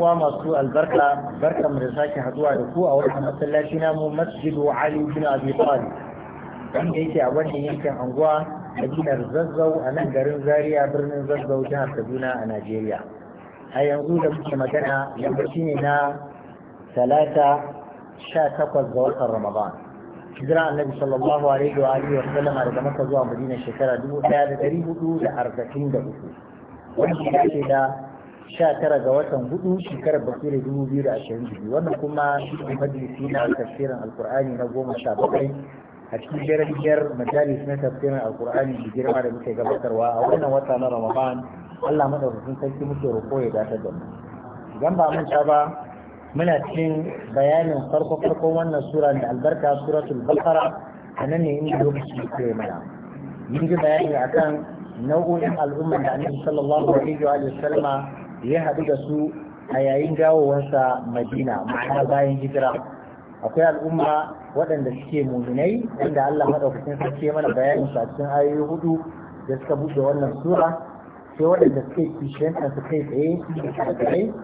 uwa masu albarka barkan mu da sake haduwa da ku a wannan masallaci namu masjidu ali bin abi talib wanda yake a wannan yankin anguwa madinar zazzau a nan garin zaria birnin zazzau jihar kaduna a najeriya a yanzu da muke magana yammaci ne na talata sha takwas ga watan ramadan hijira annabi sallallahu alaihi wa alihi wa sallama daga maka zuwa madina shekara dubu ɗaya da ɗari hudu da arba'in da uku wanda ya ce da Sha tara ga watan hudu shekarar dubu biyu da bakirai 2022 wannan kuma shi majalisi na tafsirin alkur'ani na goma sha bakwai a cikin jirgin majalis na tafsirin alkur'ani da girma da muke gabatarwa a wannan wata na ramadan allah madaukakin sarki muke roƙo ya dace da mu idan ba mun ba muna cikin bayanin farko farkon wannan sura da albarka suratul baqara a nan ne inda lokaci ke mana mun ji bayani akan nau'o'in al'umma da annabi sallallahu alaihi wa sallama ya haɗu da su a yayin dawowarsa madina ma'ana bayan hijira akwai al'umma waɗanda suke muminai inda Allah maɗaukakin sarki mana bayanin su a cikin ayoyi hudu da suka buɗe wannan sura sai waɗanda suke kishiyanta su kai tsaye su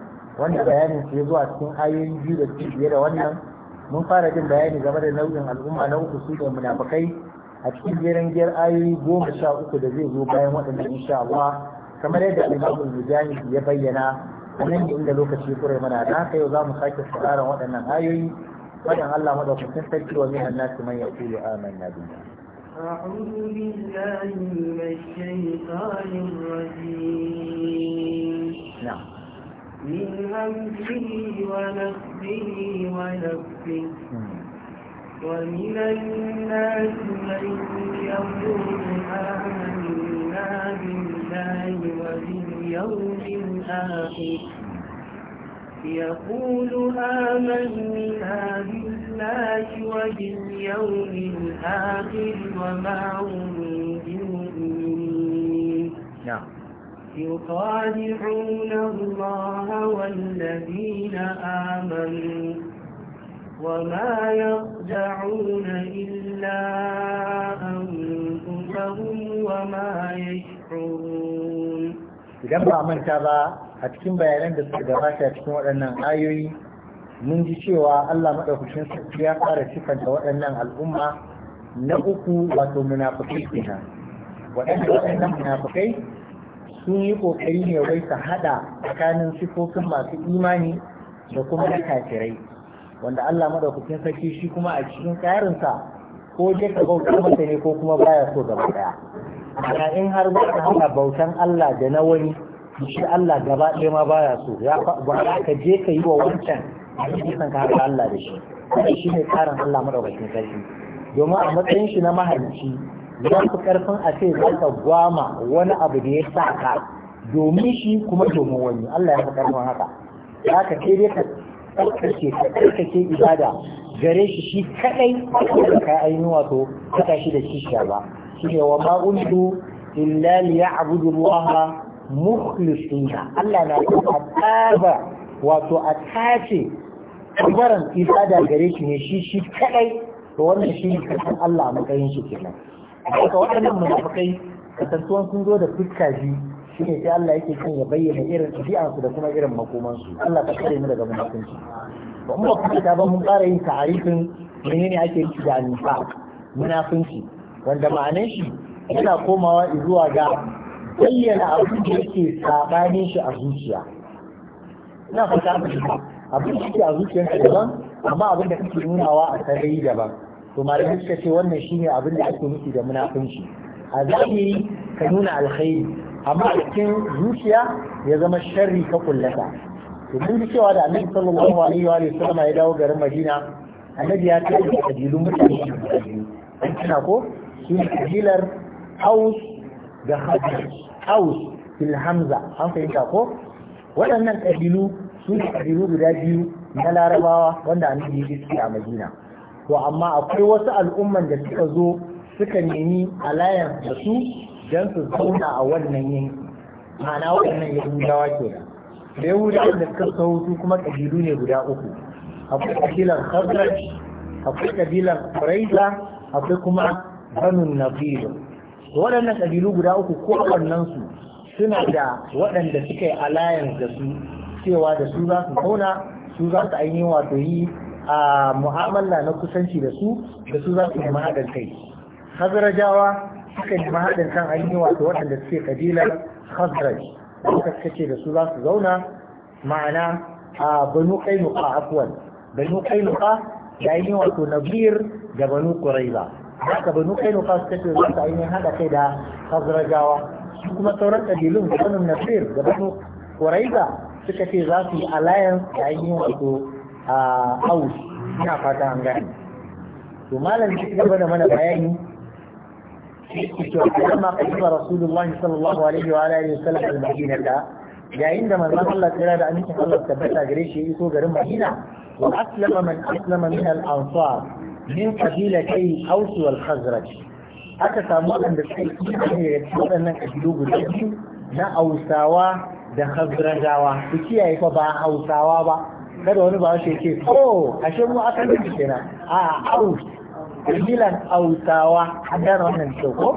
wanda bayanin su ya zuwa cikin ayoyi biyu da suke fiye da wannan mun fara jin bayani game da nau'in al'umma na uku su da munafukai a cikin jerin giyar ayoyi goma sha uku da zai zo bayan waɗannan insha Allah kamar yadda al-Imam Mujahid ya bayyana anan inda lokaci kure mana da haka yau zamu sake sauraron waɗannan ayoyi wajen Allah madaukakin sarki wa minan nasu man yaqulu amanna billah أعوذ بالله من الشيطان الرجيم نعم من همزه ونفسه ونفسه ومن الناس من يقول آمنا بالله وباليوم الآخر يقول آمنا بالله وباليوم الآخر وما هم بمؤمنين نعم يخادعون الله والذين آمنوا وما يرجعون إلا أنفسهم وما يشعرون idan ba manta ba a cikin bayanan da suka gabata cikin waɗannan ayoyi mun ji cewa Allah maɗaukacin sarki ya fara sifanta waɗannan al'umma na uku wato munafukai kenan waɗanda waɗannan munafukai sun yi ƙoƙari ne wai su haɗa tsakanin sifofin masu imani da kuma na kafirai wanda Allah madaukakin sarki shi kuma a cikin tsarinsa ko dai ka bauta masa ne ko kuma baya so gaba daya amma in har ba ka hana bautan Allah da na wani shi Allah gaba ɗaya ma baya so ya ba ka je ka yi wa wancan a cikin ka haka Allah da shi wannan shi ne tsarin Allah madaukakin sarki domin a matsayin shi na mahalicci ya fi karfin a ce za ka gwama wani abu da ya sa ka domin shi kuma domin wani Allah ya fi karfin haka za ka sai dai ka tsarkake tsarkake ibada gare shi shi kadai da ka ainihin wato kada shi da shi kishiya ba shi ne wa ma'udu illa liya'budu Allah mukhlisina Allah na a tsaba wato a tace kabaran ibada gare shi ne shi shi kadai to wannan shi ne kasan Allah a matsayin shi kenan haka waɗannan munafikai kasantuwan sun zo da fuska biyu shine sai Allah yake kan ya bayyana irin ɗabi'ansu da kuma irin makomansu Allah ka kare mu daga munafunci ba mu ba ta ba mun fara yin ta'arifin menene ake nufi da annifaq munafunci wanda ma'anar shi yana komawa zuwa ga bayyana abin da yake sabanin shi a zuciya ina fata mu abin da yake a zuciyarka daban amma abin da kake nunawa a sarari daban to malamai suka ce wannan shine abin da ake nufi da munafunci a zahiri ka nuna alkhairi amma a cikin zuciya ya zama sharri ka kullata to duk cewa da annabi sallallahu alaihi wa sallama ya dawo garin Madina annabi ya kai da kabilun mutane an tana ko shi ne kabilar Aus da Khadij Aus bil Hamza an fahimta ko waɗannan kabilu su ne kabilu guda biyu na Larabawa wanda annabi ya ji a Madina to amma akwai wasu al'umman da suka zo suka nemi alliance da su don su zauna a wannan yanki ma'ana waɗannan yahudawa ke da da yahudawa da suka sautu kuma ƙabilu ne guda uku akwai ƙabilan khazraj akwai ƙabilan quraiza akwai kuma banu nadir waɗannan kabilu guda uku ko wannan su suna da waɗanda suka yi alliance da su cewa da su za su zauna su za su ainihin wato yi a mu'amala na kusanci da su da su za su yi mahaɗar kai hazarajawa suka nemi haɗin kan yi wato waɗanda suke ƙabilar khazraj suka kace da su za su zauna ma'ana a banu kainuka afwan banu kainuka da yi wato nabir da banu quraiza haka banu kainuka suka ce za su yi haɗa kai da khazrajawa su kuma sauran ƙabilun da banu nabir da banu quraiza suka ce za su yi alliance da yi wato a aus ina fata an gani, to malam shi gaba da mana bayani لما قدم رسول الله صلى الله عليه وآله وسلم المدينة yayin da manzon Allah kira da amincin Allah tabbata gare shi ya iso garin Madina wa aslama man aslama min al-ansar min qabilatay Aws wal Khazraj aka samu wanda suka kiyaye da waɗannan kabilu guda biyu na Hausawa da Khazrajawa su kiyaye fa ba Hausawa ba kada wani ba shi yake oh ashe mu akan kenan a Aus dalilan ausawa a gyara wannan shauko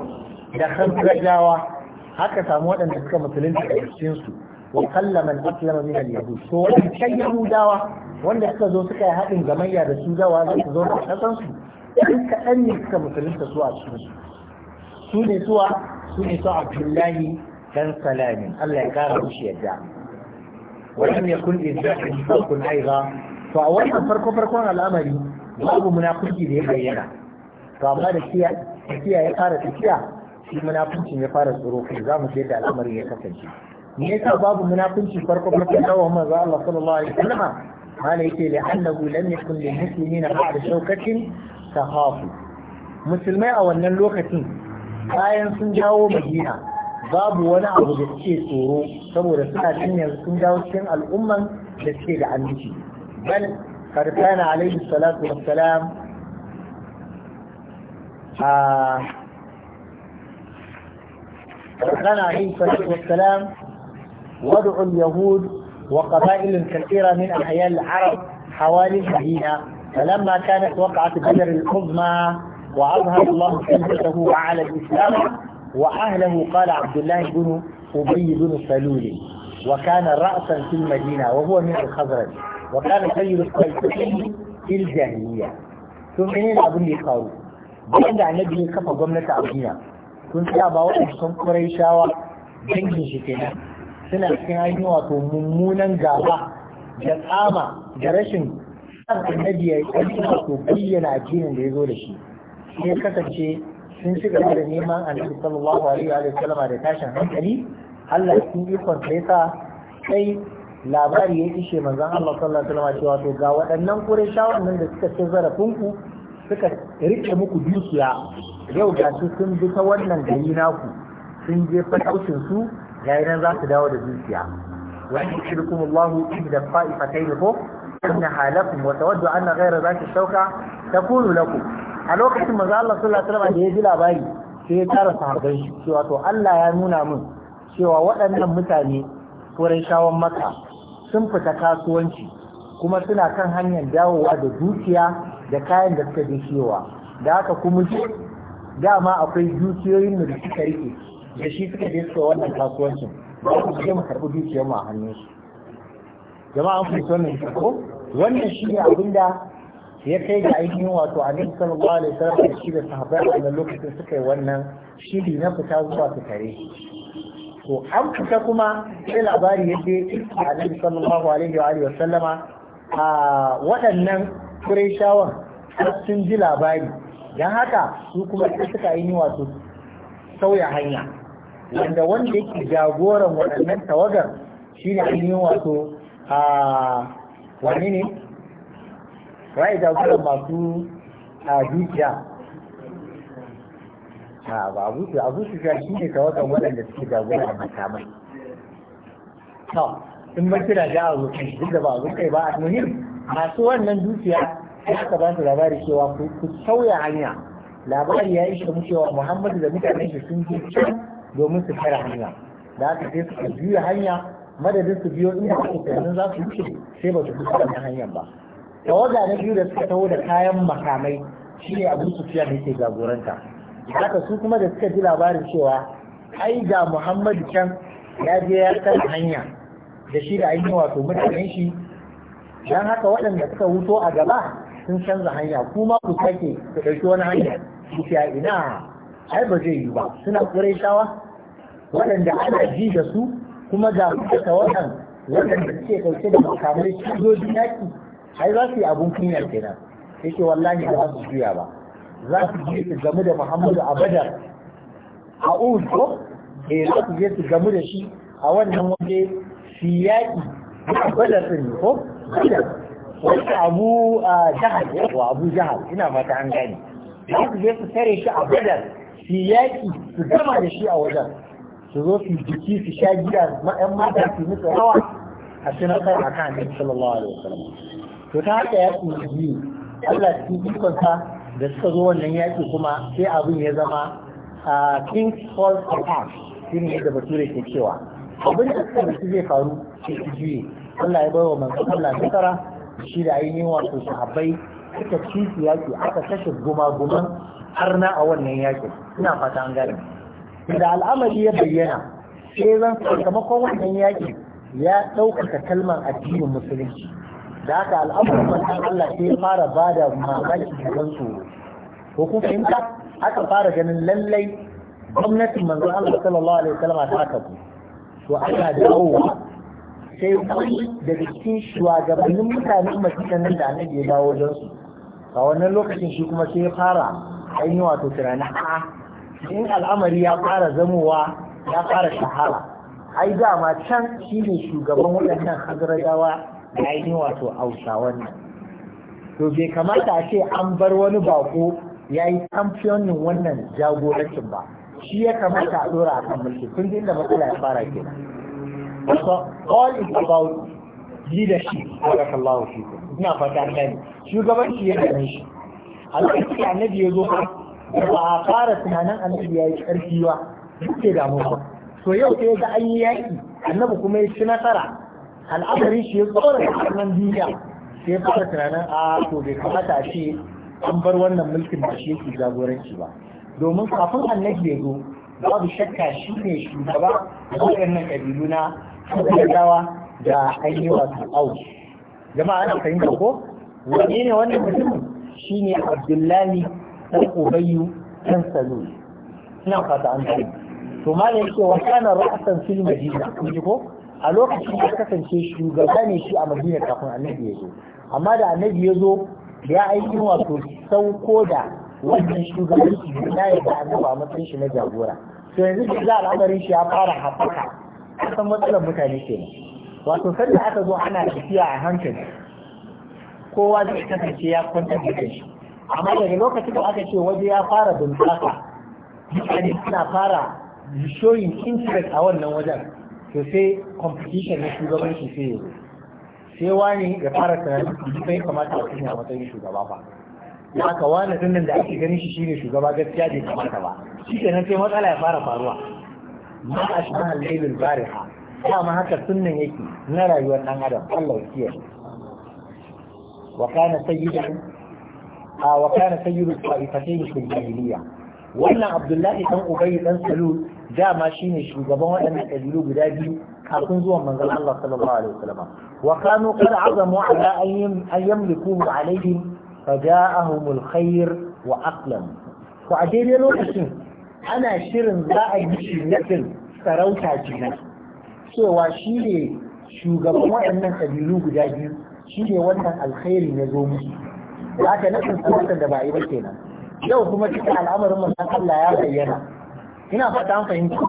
da hankalawa haka samu waɗanda suka musulunci a cikinsu wa kallaman aslama min al-yahud so wannan yahudawa wanda suka zo suka yi haɗin gamayya da su dawa za su zo da kasan su ɗan kaɗan ne suka musulunta su a cikin su Su ne suwa su ne su abdullahi dan salami Allah ya kara mushi yadda wa lam yakun izzatun farqun aidan to a wannan farko farkon al'amari babu munafurci da ya bayyana to amma da tafiya ya fara tafiya shi munafuncin ya fara tsoro kai za mu je da al'amarin ya kasance me yasa babu munafunci farko farko dawo manzo Allah sallallahu alaihi wasallam قال يتي لأنه لم يكن للمسلمين بعد شوكة تخافوا musulmai a wannan lokacin bayan sun jawo madina babu wani abu da suke tsoro saboda suna cin yanzu sun dawo cikin al'umman da suke da aminci bal قد كان عليه الصلاة والسلام آه، قد كان عليه الصلاة والسلام وضع اليهود وقبائل كثيرة من أحياء العرب حوالي المدينة فلما كانت وقعة بدر العظمى وأظهر الله كلمته على الإسلام وأهله قال عبد الله بن أبي بن سلول وكان رأسا في المدينة وهو من الخزرج وكان سيد القيسين في الجاهلية ثم منين أبن يقارو بعد أن kafa كفى a أبنيا sun tsaya ba waɗancan kurai shawa dangin shi kenan suna cikin ainihin wato mummunan gaba da tsama da rashin san annabi ya yi wato bayyana addinin da ya zo da shi sai kasance sun ci da neman annabi sallallahu alaihi wa da tashin hankali Allah cikin ikon sa yasa sai labari ya ishe manzon Allah sallallahu alaihi wasallam cewa to ga waɗannan Qurayshawan nan da suka ci zarafin ku suka rike muku dukiya yau ga su sun bi ta wannan gari naku sun je fataucin su ga nan za su dawo da dukiya wa yushrikum Allah ibda qa'ifatayn ko innaha lakum wa tawaddu anna ghayra zati shawka takunu lakum a lokacin manzo Allah sallallahu alaihi wasallam da ya ji labari sai ya tara sahabbai cewa to Allah ya nuna min cewa waɗannan mutane turai shawon maka sun fita kasuwanci kuma suna kan hanyar dawowa da dukiya da kayan da suka dishewa da haka kuma dama akwai dukiyoyin da suka rike da shi suka je suka wannan kasuwancin ba ku je mu karɓi dukiyar mu a hannun su jama'a an fito wannan ko wannan shi ne abin da ya kai ga ainihin wato a nan alaihi wasallam da shi da sahabbai a wannan lokacin suka yi wannan shiri na fita zuwa su to an fita kuma sai labari yadda a nan sallallahu alaihi wa sallama a waɗannan kureshawan sun ji labari don haka su kuma suka yi wato sauya hanya wanda wanda yake jagoran waɗannan tawagar shi ne ainihin wato a wani ne ra'ayi jagoran masu a dukiya a ba abu su abu su shi ne tawagan waɗanda suke jagora a makamai to in ba kira ga abokai duk da ba abokai ba a muhim masu wannan dukiya sai aka ba su labari cewa ku sauya hanya labari ya isa mu cewa muhammadu da mutanen shi sun je can domin su kare hanya da aka sai suka juya hanya madadin su biyo inda ake tunanin za su wuce sai ba su bi wannan hanyar ba tawaga na biyu da suka taho da kayan makamai shi ne abu su fiya da yake jagoranta haka su kuma da suka ji labarin cewa ai ga muhammadu can ya je ya kan hanya da shi da ainihin wato mutanen shi don haka waɗanda suka wuto a gaba sun canza hanya kuma ku sake ku ɗauki wani hanya ku ina ai ba zai yi ba suna ƙuraishawa waɗanda ana ji da su kuma ga ta waɗan waɗanda suke ɗauke da makamai cikin yaki ai za su yi abun kunya kenan yake wallahi ba za su juya ba za su je su gamu da Muhammadu a Badar a Uhud ko eh za su je su gamu da shi a wannan waje su yaƙi a Badar din ko Badar wani Abu Jahal ko Abu Jahal ina mata an gane za su je su tare shi a Badar siyaki su gama da shi a wajen su zo su jiki su sha giya ma'an mata su musu rawa a kai a kan Annabi sallallahu alaihi wasallam to ta haka ya biyu. Allah cikin ikonsa da suka zo wannan yaƙi kuma sai abin ya zama a king's falls attack shi ne yadda bature ke cewa abin da suka rasu zai faru sai su juye Allah ya bawa a Allah nasara shi da ainihin wato sahabbai suka ci yaƙi aka kashe gumaguman harna a wannan yaƙin ina fata an gane da al'amari ya bayyana sai zan sakamakon wannan yaƙi ya ɗaukaka kalmar addinin musulunci da haka al'amuran manzon Allah sai fara ba da mamaki da kan tsoro ko kun fahimta aka fara ganin lallai gwamnatin manzon Allah sallallahu alaihi wasallam ta kafu to ana da dawowa sai wani daga cikin shugabannin mutanen masikan nan da annabi ya dawo don su a wannan lokacin shi kuma sai ya fara an yi wato tunani a in al'amari ya fara zamowa ya fara shahara ai dama can shi ne shugaban waɗannan hazaradawa da ainihin wato hausawan wannan. to bai kamata a ce an bar wani bako ya yi kamfiyonin wannan jagorancin ba shi ya kamata a dora a kan mulki tun ji inda matsala ya fara kenan so all is about leadership barakallahu fiku ina fata kai shugabanci ya gane shi a lokacin annabi ya zo ba a fara tunanin annabi ya yi karfi ba duk da damu so yau sai ga an yi yaki annabi kuma ya ci nasara al'amarin shi ya fara wannan duniya sai ya fara tunanin a to bai kamata a ce an bar wannan mulkin da shi yake jagoranci ba domin kafin annabi ya zo babu shakka shi ne shugaba da waɗannan ƙabilu na Yahudawa da an yi wasu au jama'a ana fahimta ko wani ne wannan mutum shi ne Abdullahi ɗan Ubayyu ɗan Salul ina fata an fahimta to ma da yake wa kana ra'asan fil madina kun ji ko a lokacin da kasance shugaba ne shi a madina kafin annabi ya zo amma da annabi ya zo ya aiki wato sauko da wannan shi na ya ga annabi a matsayin shi na jagora to yanzu da za al'amarin shi ya fara haɓaka kasan matsalar mutane nan wato da aka zo ana tafiya a hankali kowa zai kasance ya kwantar da shi. amma daga lokacin da aka ce waje ya fara bunƙasa mutane suna fara showing interest a wannan wajen to sai competition na shi sai yanzu. sai wani ya fara tunanin shi bai kamata a cikin matsayin shugaba ba Ya aka wani dinnan da ake ganin shi shine shugaba gaskiya bai kamata ba shi kenan sai matsala ya fara faruwa ma a shi mahal lailul bariha dama haka sunnan yake na rayuwar dan adam Allah ya kiyaye wa kana sayyidan a wa kana sayyidu qa'ifatayn fil jahiliya wannan abdullahi dan ubayy dan salul dama shine shugaban waɗannan ƙabilu guda biyu kafin zuwan manzon Allah sallallahu alaihi wasallam wa kanu qad azamu ala an yamliku alaihim faja'ahum alkhair wa aqlam ko a dai lokacin ana shirin za a yi shiryatin sarauta kenan cewa shi ne shugaban waɗannan ƙabilu guda biyu shi ne wannan alkhairi na zo musu za ka nasin sarautar da ba a yi ba kenan yau kuma cikin al'amarin manzon Allah ya bayyana ina fata an fahimta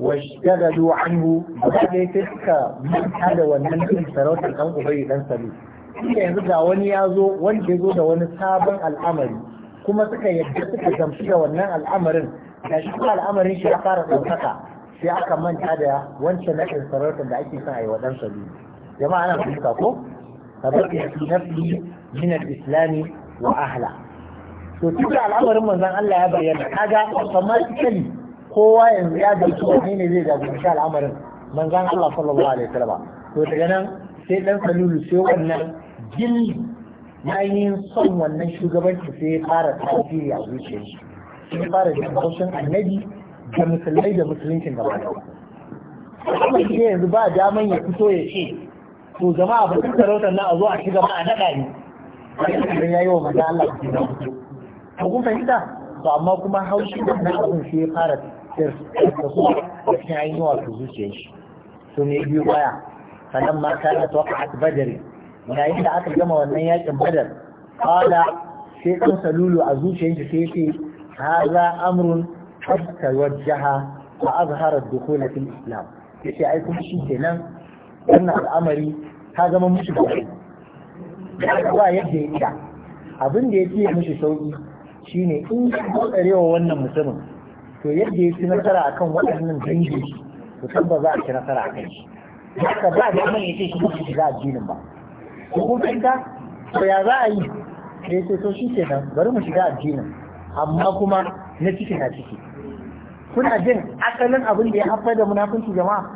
واشتغلوا عنه بعد تلك من da wannan din sarautar dan ubai dan sabi Kuma yanzu ga wani ya zo wanda ya da wani sabon al'amari kuma suka yadda suka gamsu da wannan al'amarin da shi kuma al'amarin shi ya fara ɗaukaka sai aka manta da wancan naɗin sarautar da ake son a yi wa ɗan sabi jama'a ana fahimta ko sabon ya fi nafi min al-islami wa ahla to duk al'amarin manzon Allah ya bayyana kaga automatically kowa yanzu ya ga wani ne zai jagoranci al'amarin manzon Allah sallallahu alaihi wasallam to daga nan sai dan salulu sai wannan jin na son wannan shugabanci sai ya fara tafiya a zuciyar shi sai ya fara jin annabi da musulmai da musuluncin gaba da kuma shi yanzu ba daman ya fito ya ce to jama'a ba duk sarautar na a zo a shiga ba a naɗa ne sai ya yi wa manzon Allah kun fahimta to amma kuma haushi da na abin shi ya fara su da cikin ainihin wato zuciyar shi to ne biyu baya sannan ma ta ta waka a badari yayin da aka gama wannan yakin badar kala sai kan salulu a zuciyar shi sai ce haza amrun hatta wajjaha wa azhara dukhul fil islam ce ai kuma shi kenan wannan al'amari ta zama mushi da ba yadda ya iya abin da ya fiye mushi sauki shine in ka wannan mutumin to yadda ya ci nasara akan waɗannan dangi to tabbas za a ci nasara a kai shi haka ba da mai yace shi ba shiga addinin ba ko kun to ya za a yi sai sai to shi kenan bari mu shiga addinin amma kuma na ciki na ciki kuna jin asalin abin da ya haifar da munafunci jama'a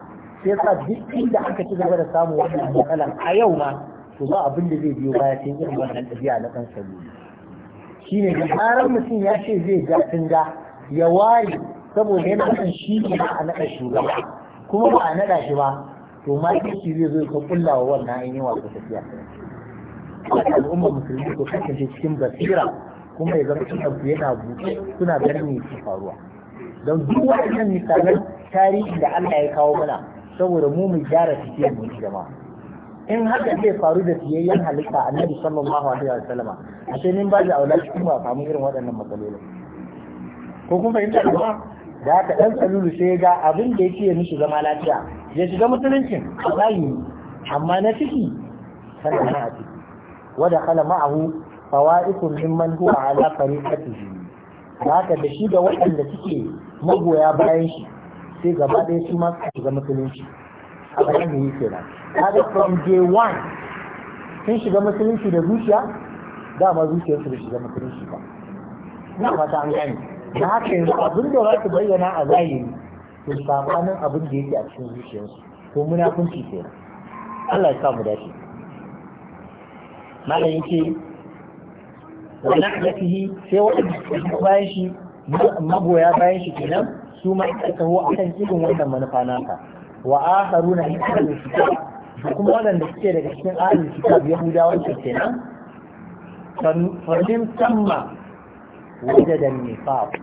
sai sa duk inda aka ci gaba da samun wannan matsalan a yau ma to ba abin da zai biyo baya sai irin wannan ɗabi'a na kan sabili shine da zarar mutum ya ce zai ga tunga ya wari saboda yana son shi ne a naɗa shugaba kuma ba a naɗa shi ba to ma shi zai zo ka kulla wa wannan ainihin wasu tafiya al'ummar musulmi ko kasance cikin basira kuma ya zama cikin yana buɗe suna ganin me ke faruwa don duk waɗannan misalan tarihi da Allah ya kawo mana saboda mu mu gyara cikin mu jama'a in haka zai faru da fiyayyen halitta annabi sallallahu alaihi wa sallama a sai nin ba da aula cikin ba samu irin waɗannan matsalolin ko kun fahimta ba da haka dan salulu sai ga abin da yake mishi zama lafiya ya shiga musuluncin zahiri amma na ciki sannan na a ciki wada kala ma'ahu fawa'iqun mimman huwa ala fariqatihi da haka da shi da waɗanda suke magoya bayan shi sai gaba ɗaya su ma su shiga musulunci a bayan yi kenan kaga from day one sun shiga musulunci da zuciya dama zuciyarsu da shiga musulunci ba na mata an gani. na haka yanzu abin da za su bayyana a zahiri to sabanin abin da yake a cikin zuciyarsu to munafunci kenan Allah ya sa mu dace malam yake wa na'latihi sai waɗanda bayan shi magoya bayan shi kenan su ma ita taho akan irin wannan manufa naka wa akharuna ita da su da kuma waɗanda suke daga cikin ahalin kitab yahudawan su kenan fahim samma wajen da nifaq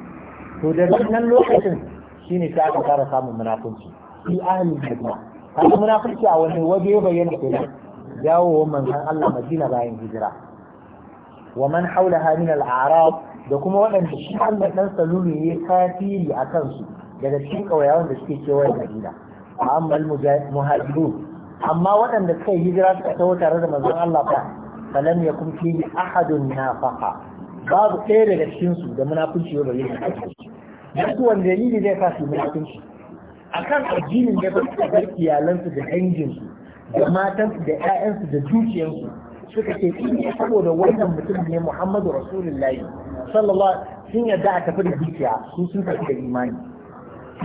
to da nan lokacin shine sai aka fara samun munafunci fi ahalin kitab haka munafunci a wani waje ya bayyana kenan dawowar manzon Allah Madina bayan hijira wa man haulaha min al-a'rab da kuma waɗanda shi Allah dan salulu ya kafiri akan su daga cikin ƙauyawan da suke kewayen Madina amma al-muhajirun amma waɗanda suka yi hijira suka taho tare da manzon Allah ba falam yakum fihi ahadun nafaqa babu ɗaya daga cikin su da munafunci ba yin dan su wanda yi dalili zai sa su munafunci akan addinin da suka bar iyalansu da dangin su da matansu da ƴaƴansu da dukiyansu suka ce in saboda wannan mutum ne Muhammadu Rasulullahi sallallahu alaihi sun yarda a tafi da dukiya su sun tafi da imani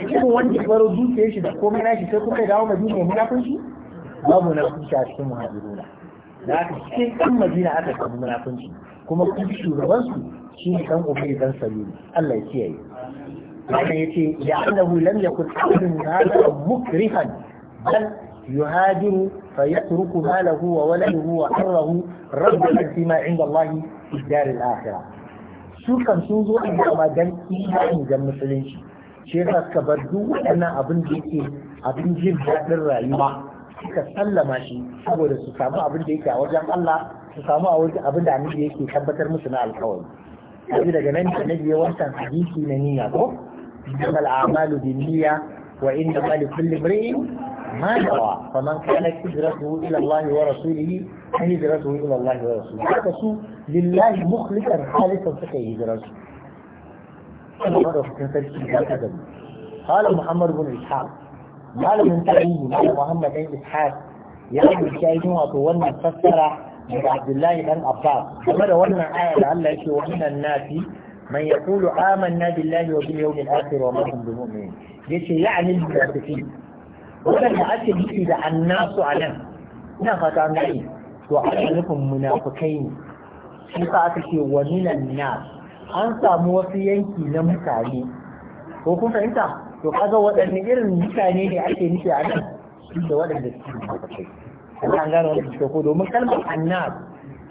irin wanda ya baro dukiyar shi da komai shi sai kuka dawo madina ya munafunci babu munafunci a cikin muhajiruna da aka cikin ɗan madina aka samu munafunci kuma kun shugabansu shi ne ɗan ubay dan salulu Allah ya kiyaye wannan yace ya annahu lam yakun ahadun hada mukrihan bal يهاجر فيترك ماله وولده وحره رغبة فيما عند الله في الدار الآخرة su kan sun zo a dama don imani da musulunci shi ka bar duk waɗannan abin da yake abin jin daɗin rayuwa suka sallama shi saboda su samu abin da yake a wajen Allah su samu a wajen abin da annabi yake tabbatar musu na alkawari yanzu daga nan da nabi ya wancan hadisi na niyya ko innamal a'malu binniya wa inna ma likulli imri'in ma dawa fa man kana hijratuhu ila Allah wa rasulihi fa hijratuhu ila Allah wa rasulihi kaga su lillahi mukhlishan khalisan suka yi hijratu kana da sun sarki da kaga قال muhammad بن إسحاق malamin tarihi malam Muhammad bin Ishaq ya rubuta yin wato wannan fassara daga Abdullahi dan Abbas game da wannan aya da Allah yake wa minan nasi man yaqulu amanna billahi wa bil yawmil akhir wa ma hum bimu'minin yace ya'ni al-munafiqin wannan ake nufi da annasu anan ina fata an gani to a nufin munafikai ne shi sa aka ce wa minan nas an samu wasu yanki na mutane ko kun fahimta to kaga waɗanne irin mutane ne ake nufi a nan da waɗanda suke munafikai Allah an gane wannan suke ko domin kalmar annab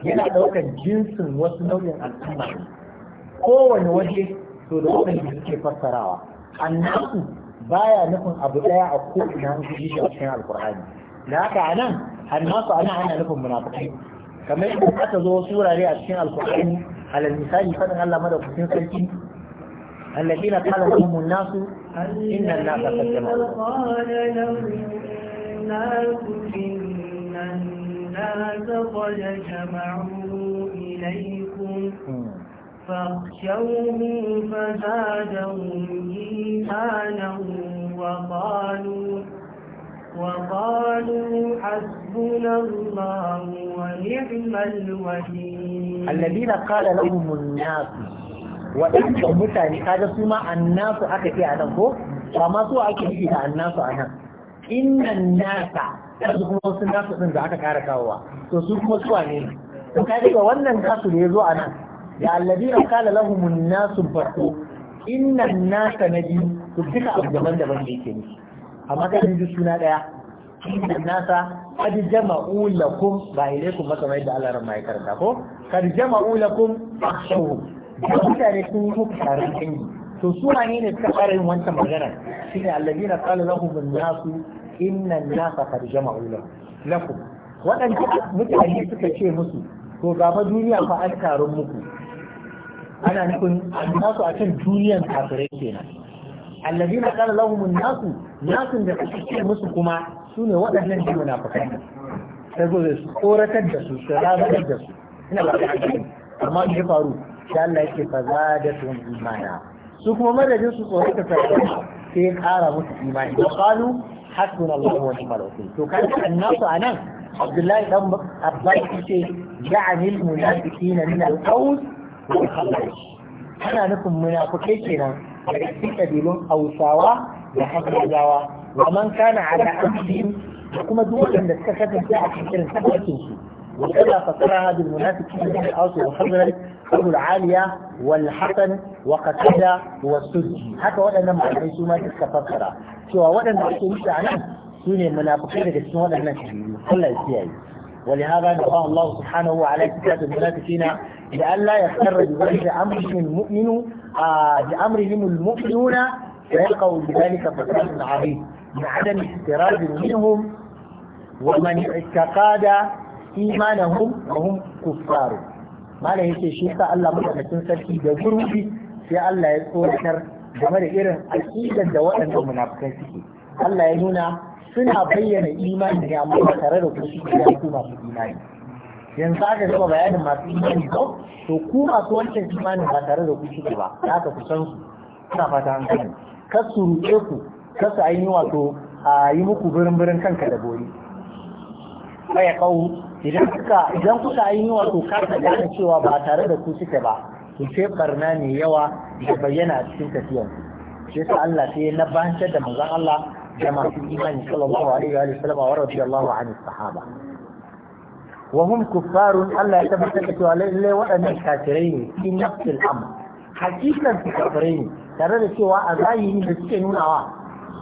yana ɗaukar jinsin wasu nau'in al'umma kowane waje to da waɗanda suke fassarawa annabu baya nufin abu ɗaya a ko ina an ji shi a cikin alkur'ani da haka a nan annasu a nan ana nufin munafikai kamar yadda aka zo wasu wurare a cikin alkur'ani alal misali faɗin Allah madaukakin sarki الذين قال لهم الناس إن الناس قد جمعوا قال لهم الناس إن الناس قد جمعوا إليكم فاخشوه فزادهم إيمانا وقالوا وقالوا حسبنا الله ونعم الوكيل الذين قال لهم الناس waɗancan mutane kaga su ma annasu aka ce a nan ko ba su ake nufi da annasu a nan innan nasa su kuma wasu nasu ɗin da aka ƙara kawowa to su kuma su ne to ka daga wannan kasu da ya zo a nan da alladina kala lahumun nasu farko innan nasa na biyu to duka abu daban-daban da yake ni. amma ka ji suna ɗaya innan nasa قد jama'u lakum بعيدكم مثلا ما يدعى الله رمى يكرم ko قد jama'u lakum فاخشوهم da mutane sun yi muku taron dangi to suna ne ne suka fara yin wancan magana Shi shine allazina qala lahum an-nasu inna an-nasa qad jama'u lakum waɗanda mutane suka ce musu to ga duniya fa an taron muku ana nufin nasu a kan duniyan kafirai kenan allazina qala lahum an-nasu nasun da suka ce musu kuma su ne waɗannan da munafikai sai zo su koratar da su su rabar da su ina ba ta amma me ya faru sai Allah yake fa zadatuhum imana su kuma madadin su tsoron ta sai sai ya kara musu imani wa qalu hasbuna Allahu wa ni'mal wakeel to kan annasu anan Abdullahi dan Abbas yace ya'ani al-munafiqina min al-qawl wal khawarij ana nufin munafikai kenan daga cikin kabilun Hausawa da Hadrajawa wa man kana ala abdihim da kuma duk wanda suka kasance a cikin irin su وكذا فسرها بالمنافقين من الأوس وخزرج أبو العالية والحسن وقتادة والسجي حتى وأنا معلمين سوما تلك سوى شو وأنا معلمين عنه سوني المنافقين لك سوما لنا كل السياي ولهذا نقاه الله سبحانه وعلى كتاب المنافقين لئلا يختر بذلك أمرهم المؤمن آه، بأمرهم المؤمنون فيلقوا بذلك فساد عظيم من عدم منهم ومن اعتقاد imanahum wa hum kuffaru malam yace shi sa Allah madaukakin sarki da gurbi sai Allah ya tsoratar game da irin aqidar da waɗannan munafikai suke Allah ya nuna suna bayyana imani ne amma ba tare da kushi da su masu imani yanzu aka zuba bayanin masu imani ko to ku masu wancan imani ba tare da kushi ba za ka kusan su Suna fata an gani kar su ruɗe ku kar su ainihi wato a yi muku birin birin kanka da bori fa ya kawo idan kuka idan kuka yi wato kasa gane cewa ba tare da ku suke ba to sai barna ne yawa da bayyana a cikin tafiyan sai sa Allah sai ya nabantar da manzon Allah da masu imani sallallahu alaihi wa sallam wa radiyallahu anhu sahaba wa hum kuffarun Allah ya tabbatar da cewa lallai waɗannan kafirai ne fi nafsil am hakikan su kafirai ne tare da cewa a zahiri da suke nunawa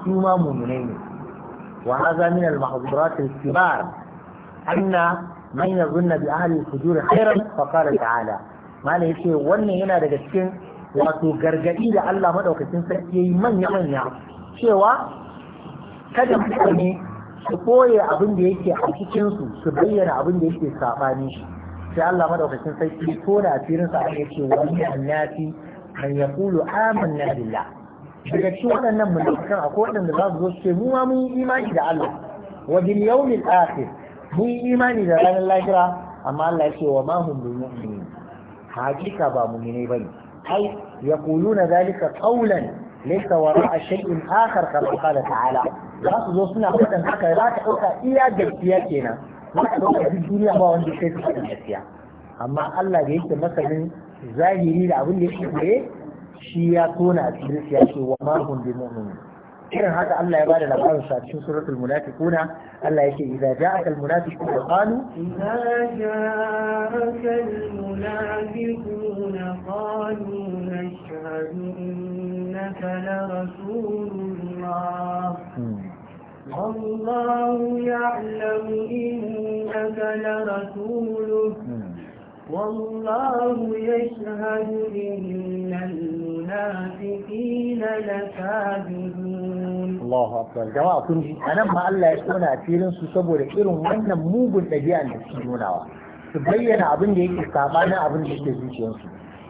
su ma mu'minai ne wa hadha min al-mahdhurat al-kibar anna man yazunna bi ahli fujur khairan fa qala ta'ala mana yace wannan yana daga cikin wato gargadi da Allah madaukakin sarki yayi manya manya cewa kada mutane su koye abin da yake a cikinsu, su bayyana abinda da yake sabani shi sai Allah madaukakin sarki tona asirin sa yace wani annati man yaqulu amanna billah daga cikin waɗannan munafikan akwai waɗanda za su zo su ce mu ma mun yi imani da Allah wa bil yawmil akhir mun yi imani da ranar lahira amma Allah ya ce wa ma bin mu'minin hakika ba mu'minai ne ai na zalika qawlan laysa wara'a shay'in akhar kama qala ta'ala za su zo suna fadan haka za ka ɗauka iya gaskiya kenan za ka ɗauka duk duniya ba wanda sai su faɗin gaskiya amma Allah da yake masanin zahiri da abin da yake shi ya tona a cikin ya ce wa ma bin mu'minin إذن هذا الله يبالي لبعض الشهر شو سورة المنافقون الا يشيء إذا جاءك المنافقون قالوا إذا جاءك المنافقون قالوا نشهد إنك لرسول الله والله يعلم إنك لرسوله والله يشهد إن المنافقين لكاذبون الله أكبر جماعة كنجي أنا ما ألا يكون أتيرن سسبو لكيرن وإن موجود لجيء أن تسجدونا su bayyana abin da yake sabanin abin da yake zuciyarsu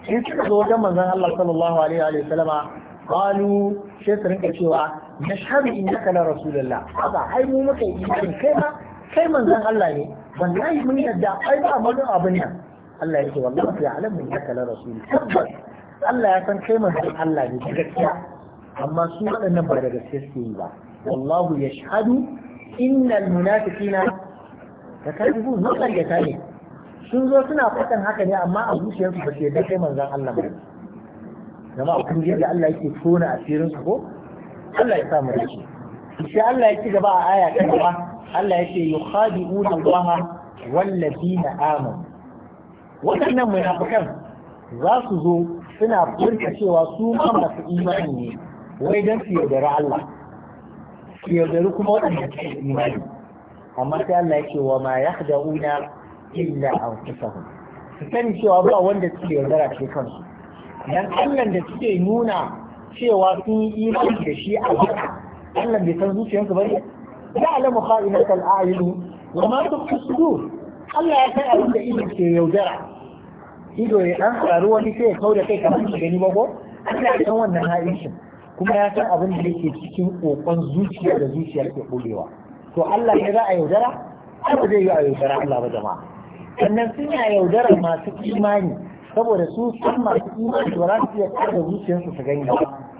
in suka zo wajen manzon Allah sallallahu alaihi wa sallama qalu sai su rinka cewa nashhadu innaka la rasulullah aba ai mu muka yi kai ma kai manzon Allah ne wallahi mun yadda ai ba mun abun nan Allah ya ce wallahi ya alamu ya kala rasuli tabbas Allah ya san kai manzon Allah ne da gaskiya amma su waɗannan ba da gaskiya suke yi ba wallahu yashhadu innal munafiqina lakadibun makaryata ne sun zo suna faɗin haka ne amma a zuciyarsu ba su yarda kai manzon Allah ba zama a kun yadda Allah yake tona asirin su ko Allah ya sa mu dace sai Allah ya ci gaba a aya ta gaba Allah ya ce yukhadi'una Allah wallazina amanu waɗannan mai munafukan za su zo suna furta cewa su ma masu imani ne wai don su yaudari Allah su yaudari kuma waɗanda ke imani amma sai Allah ya ce wa ma yahda'una illa anfusahum su sani cewa ba wanda suke yaudara ce kansu dan Allah da suke nuna cewa sun yi imani da shi a baka Allah bai san zuciyarsu ba ne ya alamu kha'inatal a'yun wa ma tukhfi sudur Allah ya san abin da ido ke yaudara ido ya dan tsaro wani sai ya kau da kai kamar shi gani ba ko Allah ya san wannan ha'incin kuma ya san abin da yake cikin kokon zuciya da zuciya ke bulewa to Allah ya za a yaudara ba zai yi a yaudara Allah ba jama'a sannan ya yaudara masu imani saboda su san masu imani ba za su iya kada zuciyarsu su gani ba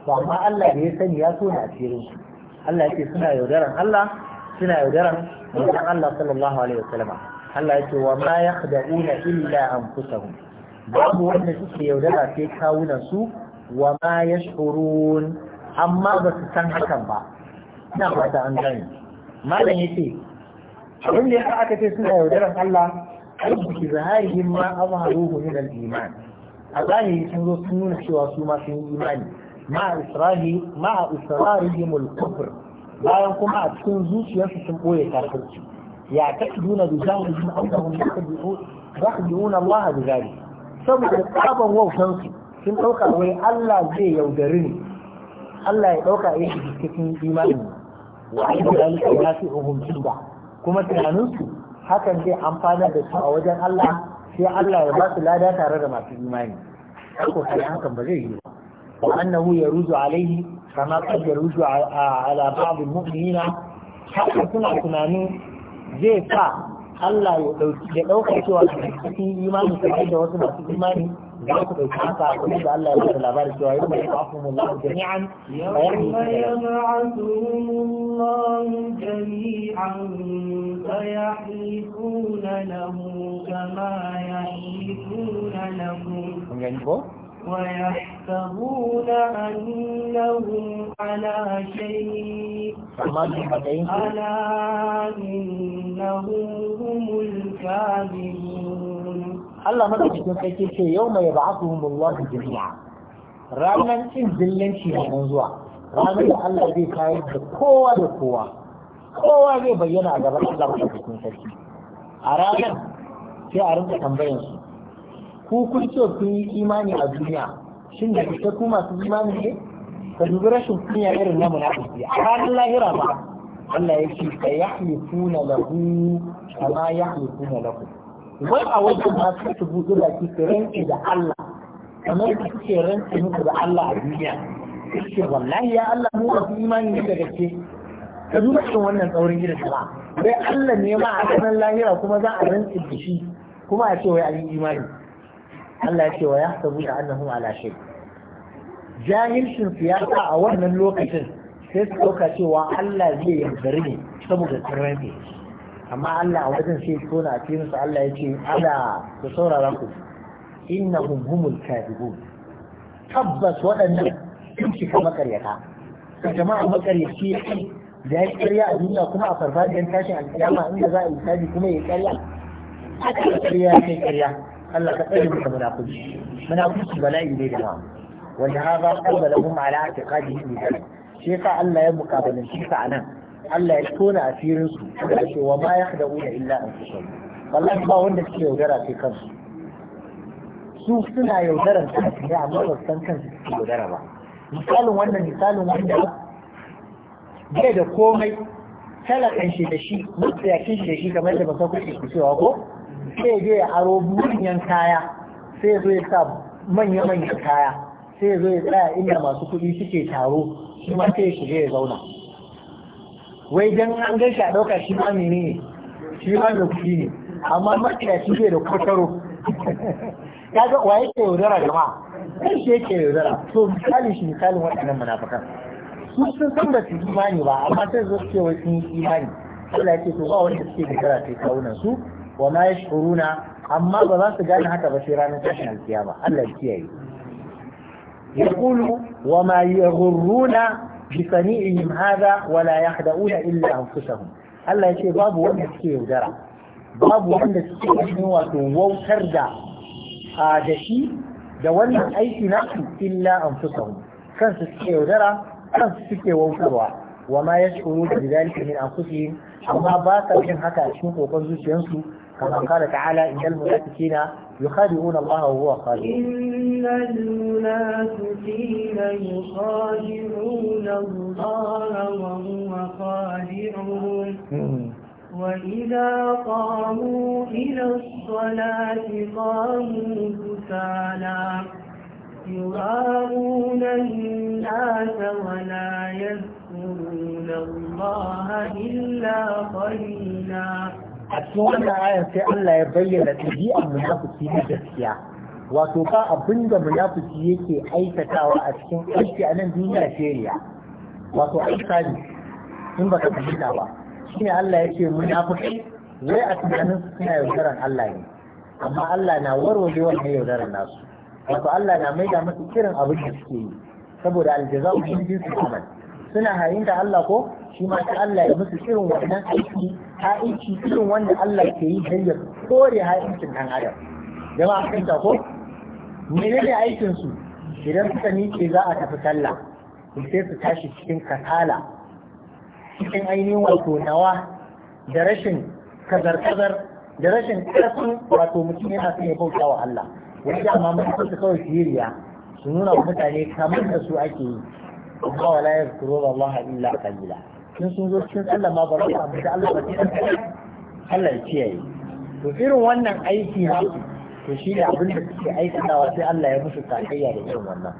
to amma Allah da ya sani ya so na asirin su Allah ya ce suna yaudaran Allah suna yaudaran manzon Allah sallallahu alaihi wasallama Allah ya ce wa ma yakhda'una illa anfusahum babu wanda suke yaudara sai kawunan su wa ma yash'urun amma ba su san hakan ba ina fata an gani malam yace abin da yasa aka ce suna yaudaran Allah arziki zaharihim ma azharuhu min al-iman a zahiri sun zo sun nuna cewa su ma sun yi imani ma israhi ma israrihim al-kufr bayan kuma a cikin zuciyarsu sun boye kafirci يعتقدون بذلك أنهم يخدعون الله بذلك saboda tsaban wautansu sun ɗauka wai Allah zai yaudari ne Allah ya ɗauka ya shi cikin imani wa aiki dalika ya fi uhumcin ba kuma tunaninsu hakan zai amfana da su a wajen Allah sai Allah ya basu lada tare da masu imani ko kai hakan ba zai yi ba wa kama suna tunanin zai sa Allah ya ɗauki ɗauka cewa cikin imani su kai da wasu masu imani za ku ɗauki haka kuma da Allah ya bada labarin cewa yau mai kafin Allah jami'an da ya jami'an sayahifuna lahu kama ويحسبون أنهم على شيء ألا إنهم هم الكاذبون الله مدعوكم كيف يوم يبعثهم الله جميعا ranar cin zillanci da nan zuwa ranar da Allah zai kayar da kowa da kowa kowa zai bayyana a gaban Allah cikin sarki a ranar sai a rinka tambayansu ku kun ce kun yi imani a duniya shin da kusa ku masu imani ne ka dubi rashin kunya irin na munafiki a ranar lahira ba Allah ya ce ka yahlifuna lahu kama yahlifuna lahu wai a wajen ma su su buɗe da ki ranki da Allah kamar da suke ranki muku da Allah a duniya Suke wallahi ya Allah mu ba imani ne da gaske ka duba cikin wannan tsaurin gidan sala Wai Allah ne ma a ranar lahira kuma za a rantsi da shi kuma a ce wai an yi imani Allah ya ce wa ya sabu da annahu ala shay jahilcin siyasa a wannan lokacin sai su ɗauka cewa Allah zai yaudari ne saboda tsirrai amma Allah a wajen sai su a cikin musu Allah ya ce ala ku saurara ku inna humul kadibu tabbas waɗannan sun cika makaryata jama'a makaryaci da ya karya a duniya kuma a farfajiyar tashin alkiyama inda za a yi taji kuma ya karya haka karya ya karya Allah ka tsare mu da munafiki munafiki bala'i ne da ma wanda ha ku qalba lahum ala atiqadihi min dalik shi yasa Allah ya mukabalanci sa anan Allah ya tona asirin su da cewa ma yakhda'una illa anfusahum wallahi ba wanda suke yaudara sai kansu su suna yaudaran kansu ne amma ba san kansu suke yaudara ba misalin wannan misalin wanda bai da komai talakan shi da shi mutsayakin shi da shi kamar da ba sa kuke cewa ko sai je ya aro manyan kaya sai zo ya sa manya-manyan kaya sai zo ya tsaya inda masu kuɗi suke taro shi ma sai shige ya zauna wai dan an shi a ɗauka shi ma mene ne shi ma da kuɗi ne amma makiya shi ke da kwataro kaga wa yake yaudara jama'a kai shi yake yaudara to misalin shi misalin waɗannan munafukan su sun san ba su imani ba amma sai zo su ce wai sun yi imani Allah ya ce to ba wanda suke yaudara kai kawunan su wa ma yashuruna amma ba za su gane haka ba sai ranar tashin alkiyama Allah ya kiyaye yaqulu wa ma yaghurruna bi sani'ihim hadha wa la yakhda'una illa anfusahum Allah ya babu wanda suke yaudara babu wanda suke yin wato wautar da a da shi da wannan aiki na su illa anfusahum kansu suke yaudara kansu suke wautarwa wa ma yashuruna bi dhalika min anfusihim amma ba sa yin haka a cikin kokon zuciyarsu كما قال تعالى إن المنافقين يخادعون الله وهو خادع. إن المنافقين يخادعون الله وهو خادعهم وإذا قاموا إلى الصلاة قاموا كسالا يراءون الناس ولا يذكرون الله إلا قليلا a cikin wannan ayar sai Allah ya bayyana ɗabi'ar munafiki na gaskiya wato ba abin da munafiki yake aikatawa a cikin aiki a nan duniya shari'a wato aika ne in baka fahimta ba ne Allah ya ce munafiki wai a tunanin suna yaudaran Allah ne amma Allah na warware wannan yaudaran nasu wato Allah na maida masu kiran abin da suke yi saboda aljaza'u min su kamal suna hayin da Allah ko shi ma ta Allah ya musu irin wannan aiki aiki irin wanda Allah ke yi hanyar kore ha'incin ɗan adam jama'a a ta ko menene aikin su idan suka miƙe za a tafi sallah sai su tashi cikin kasala cikin ainihin wato nawa da rashin kazar-kazar da rashin ƙarfin wato mutum yana sanya bauta wa Allah wani dama mutum su kawai siriya su nuna wa mutane kamar da su ake yi amma wala yazkuru Allah illa in sun zo cikin sallah ma ba za su ambaci Allah ba sai Allah ya kiyaye to irin wannan aiki na to shi ne abin da suke aikatawa sai Allah ya musu takayya da irin wannan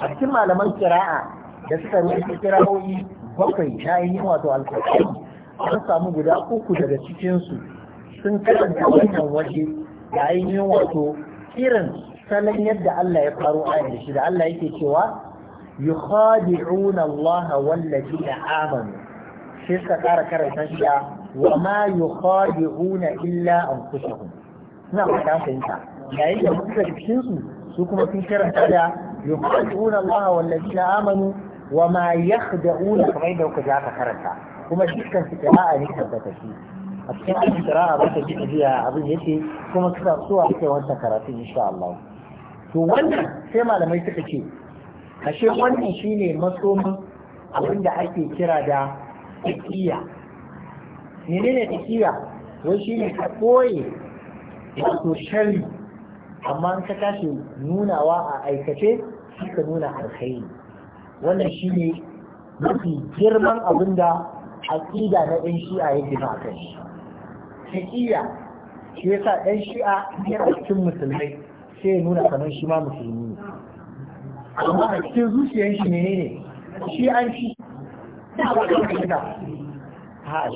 a cikin malaman kira'a da suka rubuta kira'o'i bakwai na ainihin wato alƙur'ani an samu guda uku daga cikinsu sun karanta wannan waje da ainihin wato irin salon yadda Allah ya faro ayan da shi da Allah yake cewa yukhadi'una Allah wallazina amanu sai suka ƙara karanta shi a wa ma yukhadi'una illa anfusahum ina fata fahimta yayin da muka cikin su su kuma sun karanta da yukhadi'una Allah wallazina amanu wa ma yakhda'una kamar da kuka ka karanta kuma dukkan su kira'a ne tabbata shi a cikin ajin kira'a ba ta jika biya abin yake kuma suka suwa suke wancan karatu insha Allah to wannan sai malamai suka ce ashe wannan shine masomin abin da ake kira da tafiya menene tafiya wai shi ne ka koye wato shari amma an ka tashi nunawa a aikace shi ka nuna alkhairi wannan shi ne mafi girman abin da aƙida na ɗan shi'a ya gina a kan shi taƙiya shi ya sa ɗan shi'a yana cikin musulmai sai ya nuna kamar shi ma musulmi ne amma a cikin zuciyar shi menene shi an shi a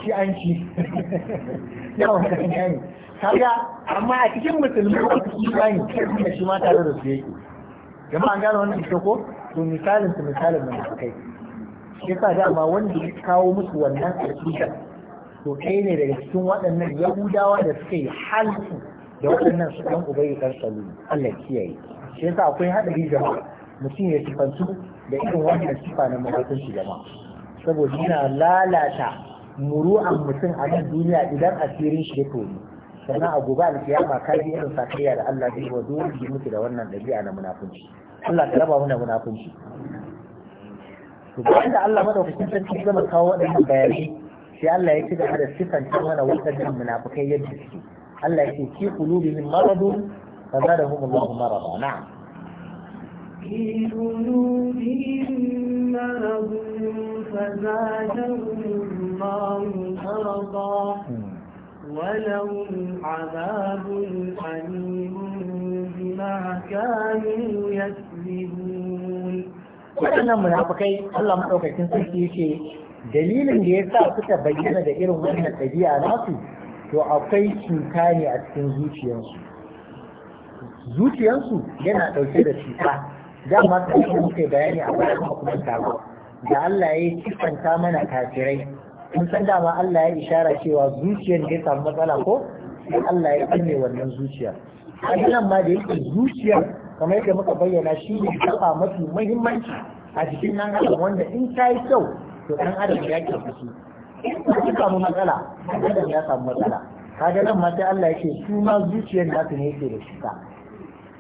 shi an ci yawan kan yani kaga amma a cikin musulmi a cikin imani kai da shi ma tare da su yake jama'a an gano wannan ita ko to misalin su misalin nan su kai shi sa dama wanda ya kawo musu wannan aqidan to kai ne daga cikin waɗannan yahudawa da suke yi halsu da waɗannan su ɗan ubai kan salu Allah kiyaye shi yasa akwai haɗari jama'a mutum ya sifantu da irin wannan sifa na mabatun shi jama'a saboda yana lalata muru'an mutum a nan duniya idan asirin shi ya koyi sannan a gobe alkiyama ka ji irin sakayya da Allah zai wa dole mutu da wannan dabi'a na munafunci Allah ta raba mu da munafunci to bayan da Allah madaukakin sarki zama kawo waɗannan bayanai sai Allah ya ci gaba da sifanta mana waɗannan munafukai yadda suke Allah ya ce fi qulubihim maradun fazadahum Allahu marada na'am في waɗannan munafukai Allah maɗaukakin sarki yake dalilin da ya sa suka bayyana da irin wannan ɗabi'a nasu to akwai cuta ne a cikin zuciyarsu zuciyarsu yana ɗauke da cuta dama ta shi muke bayani a baya hukumar kuma taro da Allah ya kifanta mana kafirai mun san dama Allah ya ishara cewa zuciyar da ya samu matsala ko sai Allah ya kame wannan zuciya nan ma da yake zuciyar kamar yadda muka bayyana shi ne kafa mafi muhimmanci a jikin nan adam wanda in ta yi kyau to ɗan adam ya ke fushi in ka samu matsala adam ya samu matsala kaga nan ma sai Allah yake su ma zuciyar su ne yake da shi ka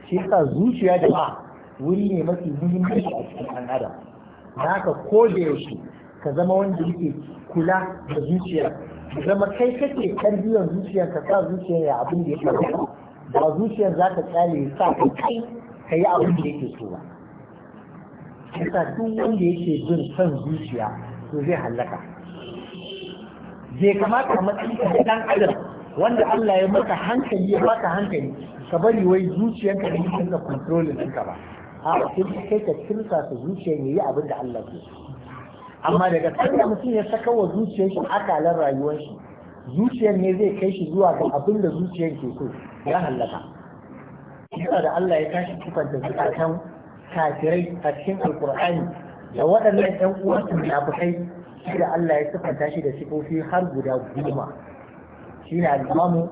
shi ka zuciya da ba wuri ne mafi muhimmanci a cikin ɗan adam haka ko da yaushe ka zama wanda yake kula da zuciya zama kai kake biyan zuciyar ka sa zuciyar ya abin da ya faru ba zuciyar za ka tsale ya sa ka kai ka yi abin da yake so ba yasa duk wanda yake jin son zuciya to zai hallaka zai kamata matsayin ka dan adam wanda Allah ya maka hankali ya baka hankali ka bari wai zuciyarka da yake da controlling ɗinka ba a kin kai ta tirsa su zuciyar yayi abin da Allah ke amma daga sanda mutum ya saka wa zuciyar shi akalan rayuwar shi zuciyar ne zai kai shi zuwa ga abin da zuciyar ke so ya hallaka Yana da Allah ya tashi kifanta zukatan kafirai a cikin alkur'ani da waɗannan ɗan uwansu munafukai shi da Allah ya sifanta shi da sifofi har guda goma shi ne al'imamu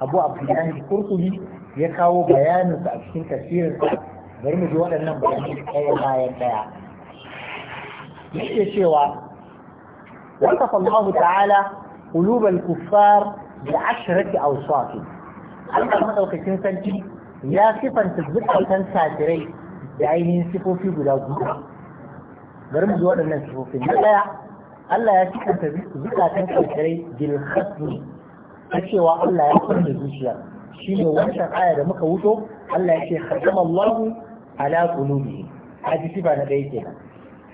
abu abdullahi kurkuli ya kawo bayaninsa a cikin tafiyarsa. bari mu ji waɗannan bayanai ɗaya bayan ɗaya yake cewa وصف الله تعالى قلوب الكفار بعشرة أوصاف Allah maɗaukakin sarki ya sifanta zukatan satirai da ainihin sifofi guda goma. Bari mu ji waɗannan sifofin. Na ɗaya, Allah ya sifanta zukatan satirai bil khatmi ta cewa Allah ya kunna zuciya. Shi ne wancan aya da muka wuto, Allah ya ce khatama Allahu ala qulubi haji sifa na ɗaya kenan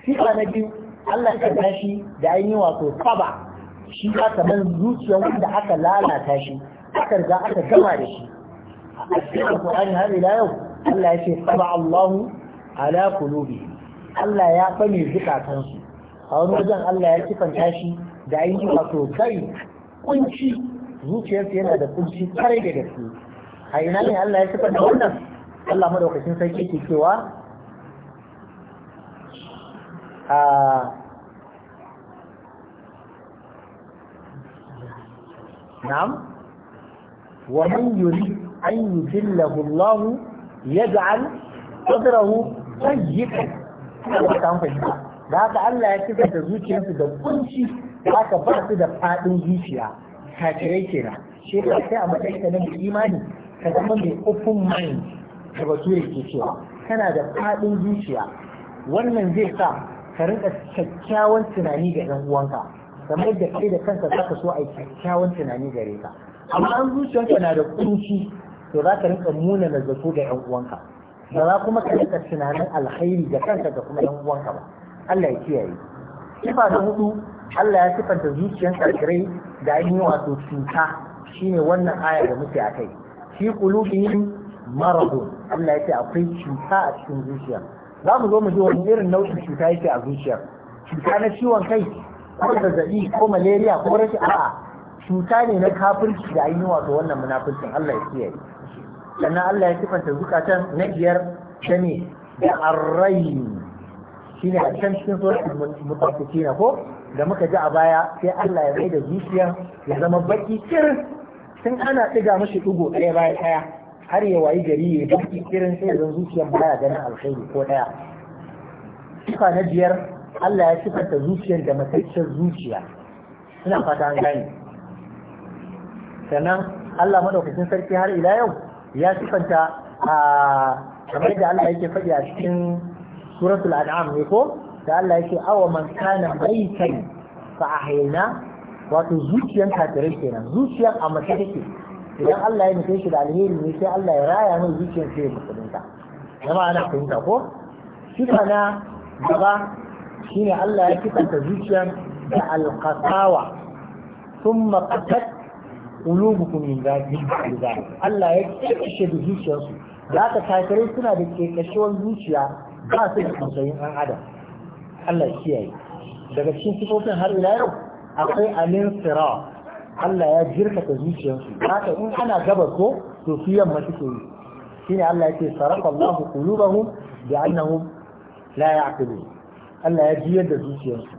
sifa na biyu Allah ka tashi da an yi wato saba shi ka kamar zuciya wanda aka lalata shi aka riga aka gama da shi a cikin Qur'ani har ila yau Allah ya ce saba Allahu ala kulubi. Allah ya fani zukatansu a wani wajen Allah ya sifanta shi da an yi wato kai kunci zuciyarsa yana da kunci kare da gaske a ina ne Allah ya sifanta wannan Allah madaukakin sarki ke cewa a na'am wa man yuri an yudillahu Allah yaj'al sadrahu tayyiban Allah ta fahimta da haka Allah ya kisa da zuciyarsu da kunci da haka ba su da fadin zuciya kafirai kenan shi sai a matsayin na imani ka zama mai open mind da bature ke cewa kana da faɗin zuciya wannan zai sa ka rinka kyakkyawan tunani ga ɗan uwanka kamar da kai da kanka za ka so a yi kyakkyawan tunani gare ka amma an zuciyarka na da kunci to za ka rinka muna na zato ga ɗan uwanka ba za kuma ka rinka tunanin alkhairi da kanka da kuma ɗan uwanka ba Allah ya kiyaye sifa na hudu Allah ya sifanta zuciyar kafirai da ainihin wato cuta shine wannan aya da muke a kai fi qulubihim marahu Allah ya ce akwai cuta a cikin zuciya za mu zo mu ji wani irin nau'in cuta yake a zuciya cuta na ciwon kai ko zazzabi ko malaria ko rashin a'a cuta ne na kafirci da ainihin wato wannan munafircin Allah ya kiyaye sannan Allah ya sifanta zukatan na biyar ta ne da arrai shi ne a can cikin suratul mutaffifina ko da muka ji a baya sai Allah ya mai da zuciya ya zama baki kir sun ana ɗiga mashi ɗigo ɗaya bayan ɗaya har ya wayi gari ya duk irin sai zan zuciyar baya ganin alkhairi ko daya sifa na biyar Allah ya sifanta zuciyar da matacciyar zuciya ina fata an gani sannan Allah madaukakin sarki har ila yau ya sifanta a kamar da Allah yake faɗi a cikin suratul an'am ne ko da Allah yake awa man kana maitan fa ahayna wato zuciyar kafirai kenan zuciyar a mace take idan Allah ya nufe shi da alheri ne sai Allah ya raya mai zuciyar sai ya musulunta jama'a ana fahimta ko shi na gaba shine Allah ya kitanta zuciyar da alqasawa sun qatat qulubukum min zalik Allah ya kishe da zuciyarsu da aka kafirai suna da ke kashewar zuciya ba su da kusayin an adam Allah ya kiyaye daga cikin sifofin har ila yau akwai amin sira Allah ya jirkata zuciyarsu haka in ana gabar ko to su yamma suke yi shine Allah yake sarafa Allah qulubahum bi annahum la Allah ya jiyar da zuciyarsu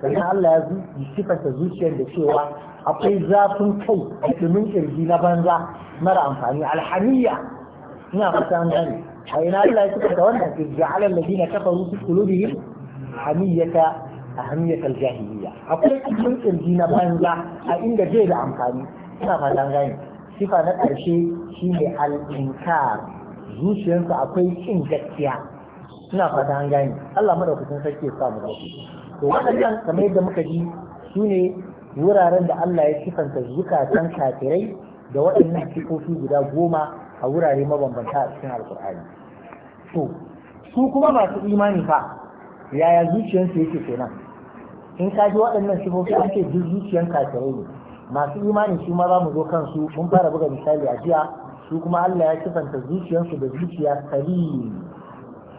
Kana Allah ya sifanta zuciyar da cewa akwai zafin kai da dumin kirji na banza mara amfani alhamiyya. ina fata an gani. a ina Allah ya sifanta wannan kirji alal ladina kafaru fi qulubihim hamiyata a hamiyatar aljahiliya akwai cikin kirji na banza a inda zai da amfani ina fatan gani sifa na ƙarshe shine al zuciyarsa akwai cin gaskiya ina fata gani Allah kusan sarki ya samu dace to waɗannan kamar yadda muka ji sune wuraren da Allah ya sifanta zukatan kafirai da waɗannan sifofi guda goma a wurare mabambanta a cikin alkur'ani su kuma masu imani fa yaya zuciyarsu yake kenan in ka ji waɗannan sifofi ake ce zuciyan kafirai ne masu imani su ma za mu zo kansu mun fara buga misali a jiya su kuma Allah ya sifanta zuciyansu da zuciya salim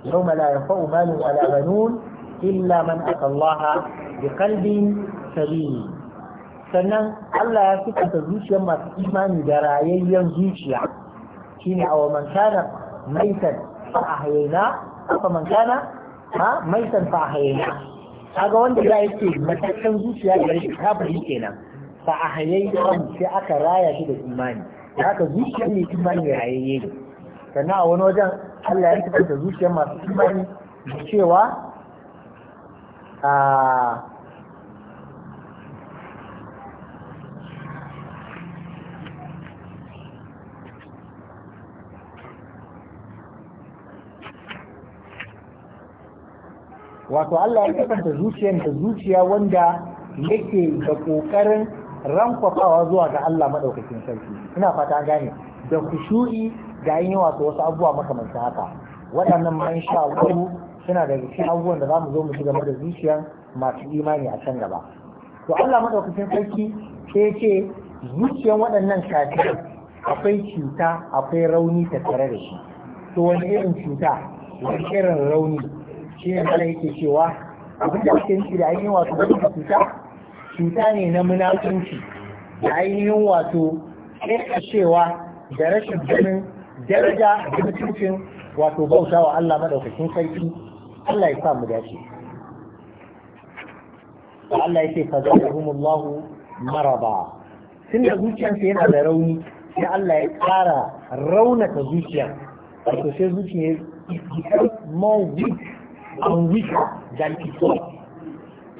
يوم لا ينفع مال ولا بنون إلا من أتى da kalbin سليم sannan Allah ya fita zuciyan masu imani da rayayyen zuciya shine a man kana maitan fa ahyayna fa man kana ha maitan fa ahyayna kaga wanda za ya ce matakan zuciya gare shi kafiri kenan fa a hayayyan sai aka raya shi da imani da haka zuciya ne imani ya rayayye ne sannan a wani wajen Allah ya tafi da zuciya masu imani da cewa a ah, wato Allah ya kasanta zuciyar da zuciya wanda yake da kokarin rankwafawa zuwa ga Allah madaukakin sarki ina fata gane da kushu'i da yin wato wasu abubuwa makamanta haka waɗannan ma insha Allah suna da cikin abubuwan da zamu zo mu ci game da zuciyar masu imani a can gaba to Allah madaukakin sarki sai ce zuciyar waɗannan kafi akwai cuta akwai rauni tattare da shi to wani irin cuta wani irin rauni shi ne mala yake cewa abin da ake nufi da ainihin wato da cuta cuta ne na munafunci da ainihin wato cewa da rashin ganin daraja da mutuncin wato bauta wa Allah madaukakin sarki Allah ya sa mu dace Allah yake fa Allah maraba tunda zuciyarsa yana da rauni sai Allah ya kara raunata zuciya wato sai zuciya more weak an weaker da it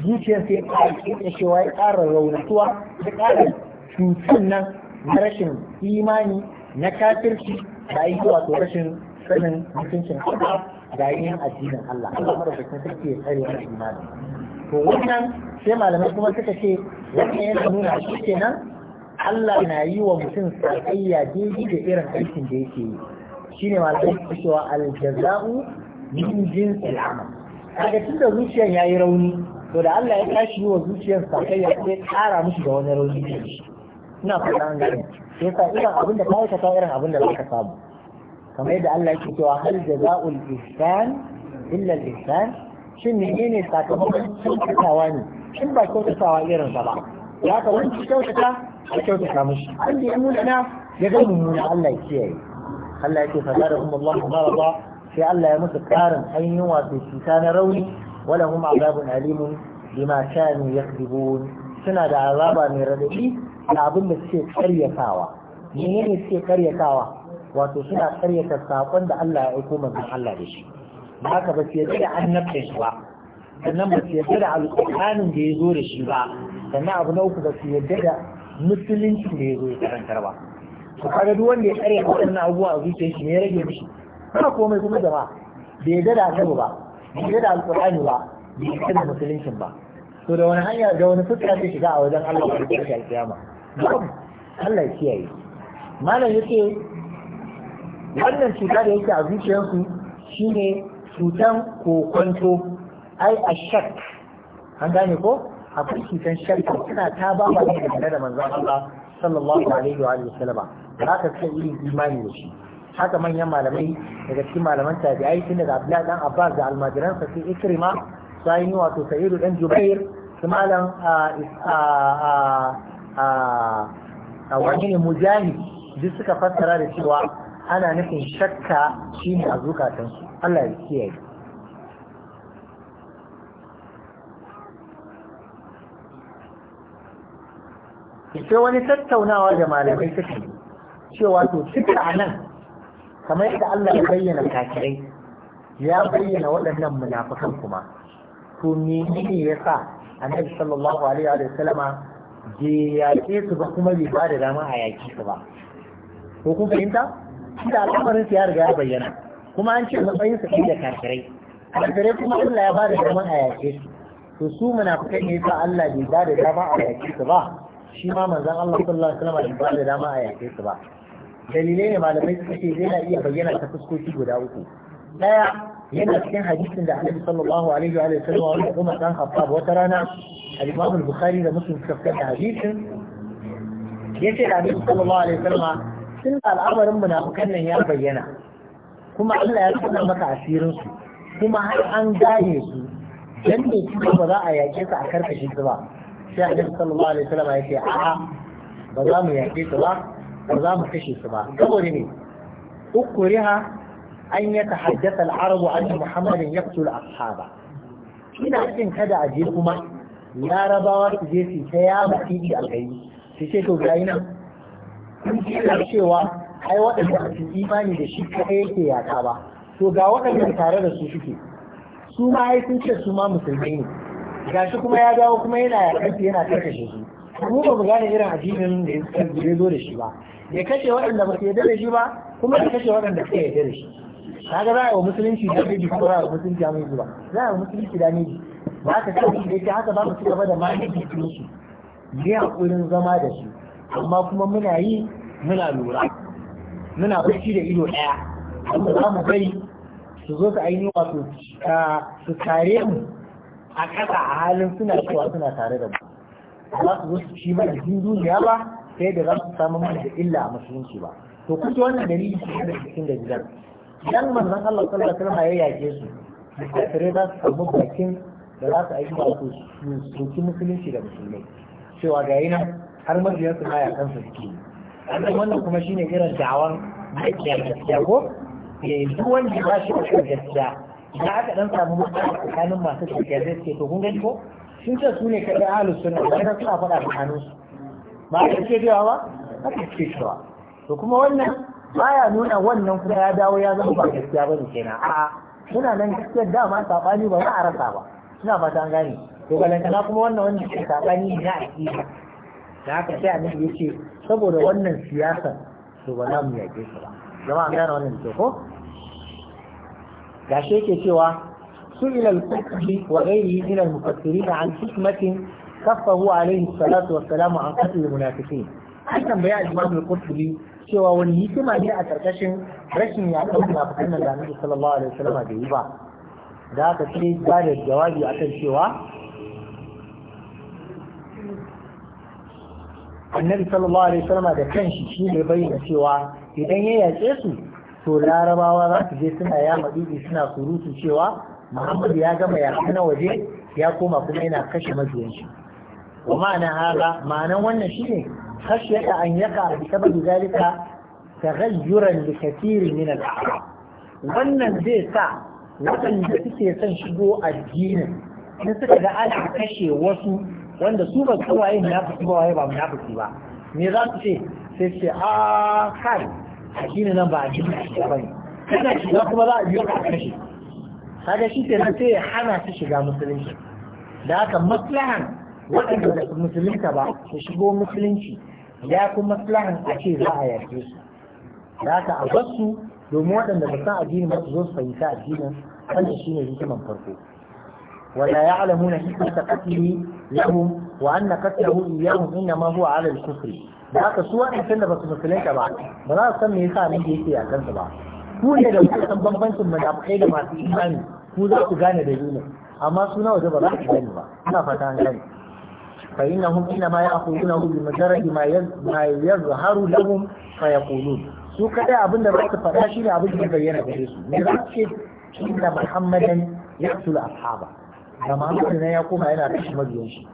zuciyar sai ya ƙara shi ya ƙara raunatuwa ya ƙara cutun nan na rashin imani na kafirci da yi to rashin sanin mutuncin Allah da yin addinin Allah Allah madaukakin sarki take tsare wannan imani to wannan sai malamai kuma suka ce wannan yana nuna shi kenan Allah na yi wa mutum sakayya daidai da irin aikin da yake yi shine malamai suke al-jazaa'u min jinsil amal kaga zuciyan ya yi rauni to da Allah ya tashi yi wa zuciyar sa kai ya sai kara mushi da wani rauni ne ina fata an gane sai ka irin abin da kai ka ta irin abin da zaka samu kamar yadda Allah yake cewa hal jazaa'ul ihsan illa al ihsan shin menene sakamakon kyautatawa ne shin ba kyautatawa irin sa ba ya ka wani kyautata a kyautata mushi wanda ya nuna na ya ga mummuna Allah ya kiyaye Allah yake fada da kuma Allah ma sai Allah ya musu karin ainihin wato cuta na rauni wala hum azabun alimun bima kanu yakdibun suna da azaba mai radadi da abin da suke karyatawa menene suke karyatawa wato suna karyata sakon da Allah ya aiko manzon Allah da shi ba haka ba su yadda da annabcin shi ba sannan ba su yadda da alƙur'anin da ya zo da shi ba sannan abu na uku ba su yadda da musulunci da ya zo ya karantar ba to kaga duk wanda ya karya wannan abubuwa a zuciyar shi ne ya rage mishi kuma komai kuma jama'a bai da da annabi ba bai da alqur'ani ba bai da musuluncin ba to da wani hanya da wani fuska ce shiga a wajen Allah ba da shi alkiyama Allah ya kiyaye malam yake wannan cuta da yake a zuciyarsu shine cutan kokonto ai ashak an gane ko akwai cutan shakka suna ta ba ba da manzon Allah sallallahu alaihi wa sallam ba ka san irin imani da shi haka manyan malamai daga cikin malaman tabi'ai tun daga Abdullahi dan Abbas da almajiran sa sai Ikrima sai ni wato Sa'idu dan Jubair su malam a wani ne mujahi duk suka fassara da cewa ana nufin shakka shine a su. Allah ya kiyaye sai wani tattaunawa da malamai yi cewa to cikin a nan kamar yadda Allah ya bayyana kafirai ya bayyana waɗannan munafikan kuma to me ne yasa annabi sallallahu alaihi wa sallama je yaƙe su ba kuma bai ba da dama a yaƙe su ba ko kun fahimta da al'amarin su ya riga ya bayyana kuma an ce matsayin su da kafirai kafirai kuma Allah ya ba da dama a yaƙe su to su munafikan ne yasa Allah bai ba da dama a yaƙe su ba shi ma manzon Allah sallallahu alaihi wa sallama bai ba da dama a yaƙe su ba dalilai ne malamai suka ce zai iya bayyana ta fuskoki guda uku daya yana cikin hadisin da annabi sallallahu alaihi wa sallam wani Umar dan khattab wata rana al-imam al-bukhari da muslim suka fitar hadisin yace da annabi sallallahu alaihi wa sallam sun al'amarin munafikan nan ya bayyana kuma Allah ya tsara maka asirin su kuma har an gane su dan ne kuma ba za a yaƙe su a karkashin su ba sai annabi sallallahu alaihi wa sallam ya ce a'a ba za mu yaƙe su ba ba za mu kashe su ba saboda ne ukuriha an ya tahaddasa al-arabu an muhammadin yaqtul ashaba ina cin kada a je kuma larabawa su je su ta yaba fili algari su ce to ga nan sun ce cewa ai waɗanda su imani da shi kaɗai yake yaka ba to ga waɗannan tare da su suke su ma ai sun ce su ma musulmai ne gashi kuma ya dawo kuma yana yaƙarsu yana karkashe su mu ba mu gane irin addinin da ya zo da shi ba ya kashe waɗanda ba su yarda da shi ba kuma ya kashe waɗanda suka yarda da shi kaga za a yi wa musulunci da ne ko za a yi wa musulunci da ba za a yi wa musulunci da ne ba ka kai da ita haka ba mu ci gaba da mani da musulunci ne hakurin zama da shi amma kuma muna yi muna lura muna barci da ido ɗaya amma za mu bari su zo su aini wato ah, su tare mu a ƙasa a halin suna cewa suna tare da mu za su zo su ci mana duniya ba sai da za su samu mana da illa a musulunci ba to kuke wannan dalili ke da cikin da gidan dan manzon Allah sallallahu alaihi wasallam ya yake su kafirai za su samu bakin da za su aiki ba su soki musulunci da musulmai cewa ga yana har mabiyan su baya kansu suke yi wannan kuma shine irin da'awan gaskiya gaskiya ko ya eh, duk wanda ba shi da gaskiya da aka dan samu mutane tsakanin masu gaskiya zai ce to kun gani ko sun ce su ne kaɗai ahalus suna da ta suna faɗa da su ba a ce cewa ba A ce cewa to kuma wannan baya nuna wannan kuma ya dawo ya zama ba gaskiya ba ne kenan a'a suna nan gaskiyar dama saɓani ba za a rasa ba suna fata an gane to galantana kuma wannan wanda ke saɓani ne na aƙida da aka sai annabi ya ce saboda wannan siyasar to ba za mu yaƙe su ba Zama an gane wannan da ko gashi yake cewa سئل الفقه وغيره من المفسرين عن حكمة كفه عليه الصلاة والسلام wani hikima ne a karkashin rashin ya ɗauki munafikan nan da Annabi da kanshi shi ne cewa idan ya su to larabawa za je suna yama suna surutu Muhammadu ya gama yaƙi na waje ya koma kuma yana kashe mabiyan shi wa ma'ana haza ma'anan wannan shine khashyata an yaka bi sababi zalika ta taghayyuran li kathirin min al-a'rab wannan zai sa waɗanda suke son shigo addinin in suka ga ana kashe wasu wanda su ba su waye munafiki ba waye ba munafiki ba me za su ce sai ce a kai addinin nan ba addinin ba ne kana shiga kuma za a biyo ka kashe kaga shi ke sai ya hana su shiga musulunci da haka maslahan waɗanda da musulunta ba su shigo musulunci ya kuma maslahan a ce za a yarke su da haka a basu domin waɗanda ba san addini ba su zo su fahimta addinin wanda shine hikiman farko ولا يعلمون حكمة قتله لهم وأن قتله إياهم إنما هو على الكفر da haka su waɗancan ba su musulunta ba ba za su san me yasa ne yake a kansu ba su ne da kuka san bambancin munafikai da masu imani ku za ku gane dalilin amma suna waje ba za ku gane ba ina fata an gane fa innahum inma ya'khuduna bi majarati ma yazharu lahum fa yaqulun su kada abin da za su faɗa shine abin da bayyana gare su me za su ce inna muhammadan yaqtulu ashaba da muhammadu ne ya koma yana kashe mabiyan shi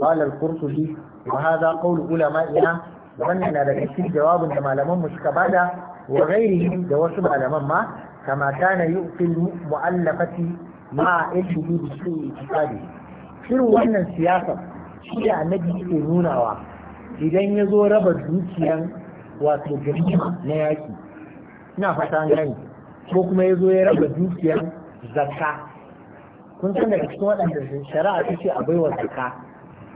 qala al-qurtubi wa hadha qawlu ulama'ina wannan na daga cikin jawabin da malaman mu suka bada wa ghairihim da wasu malaman ma كما كان يؤتي المؤلفة مع علمه بسوء اعتقاده شنو wannan siyasa shi da annabi ke nunawa idan ya zo raba dukiyan wato ganima na yaki ina fata gani ko kuma ya zo ya raba dukiyan zakka kun san daga cikin waɗanda shari'a ta ce a baiwa zakka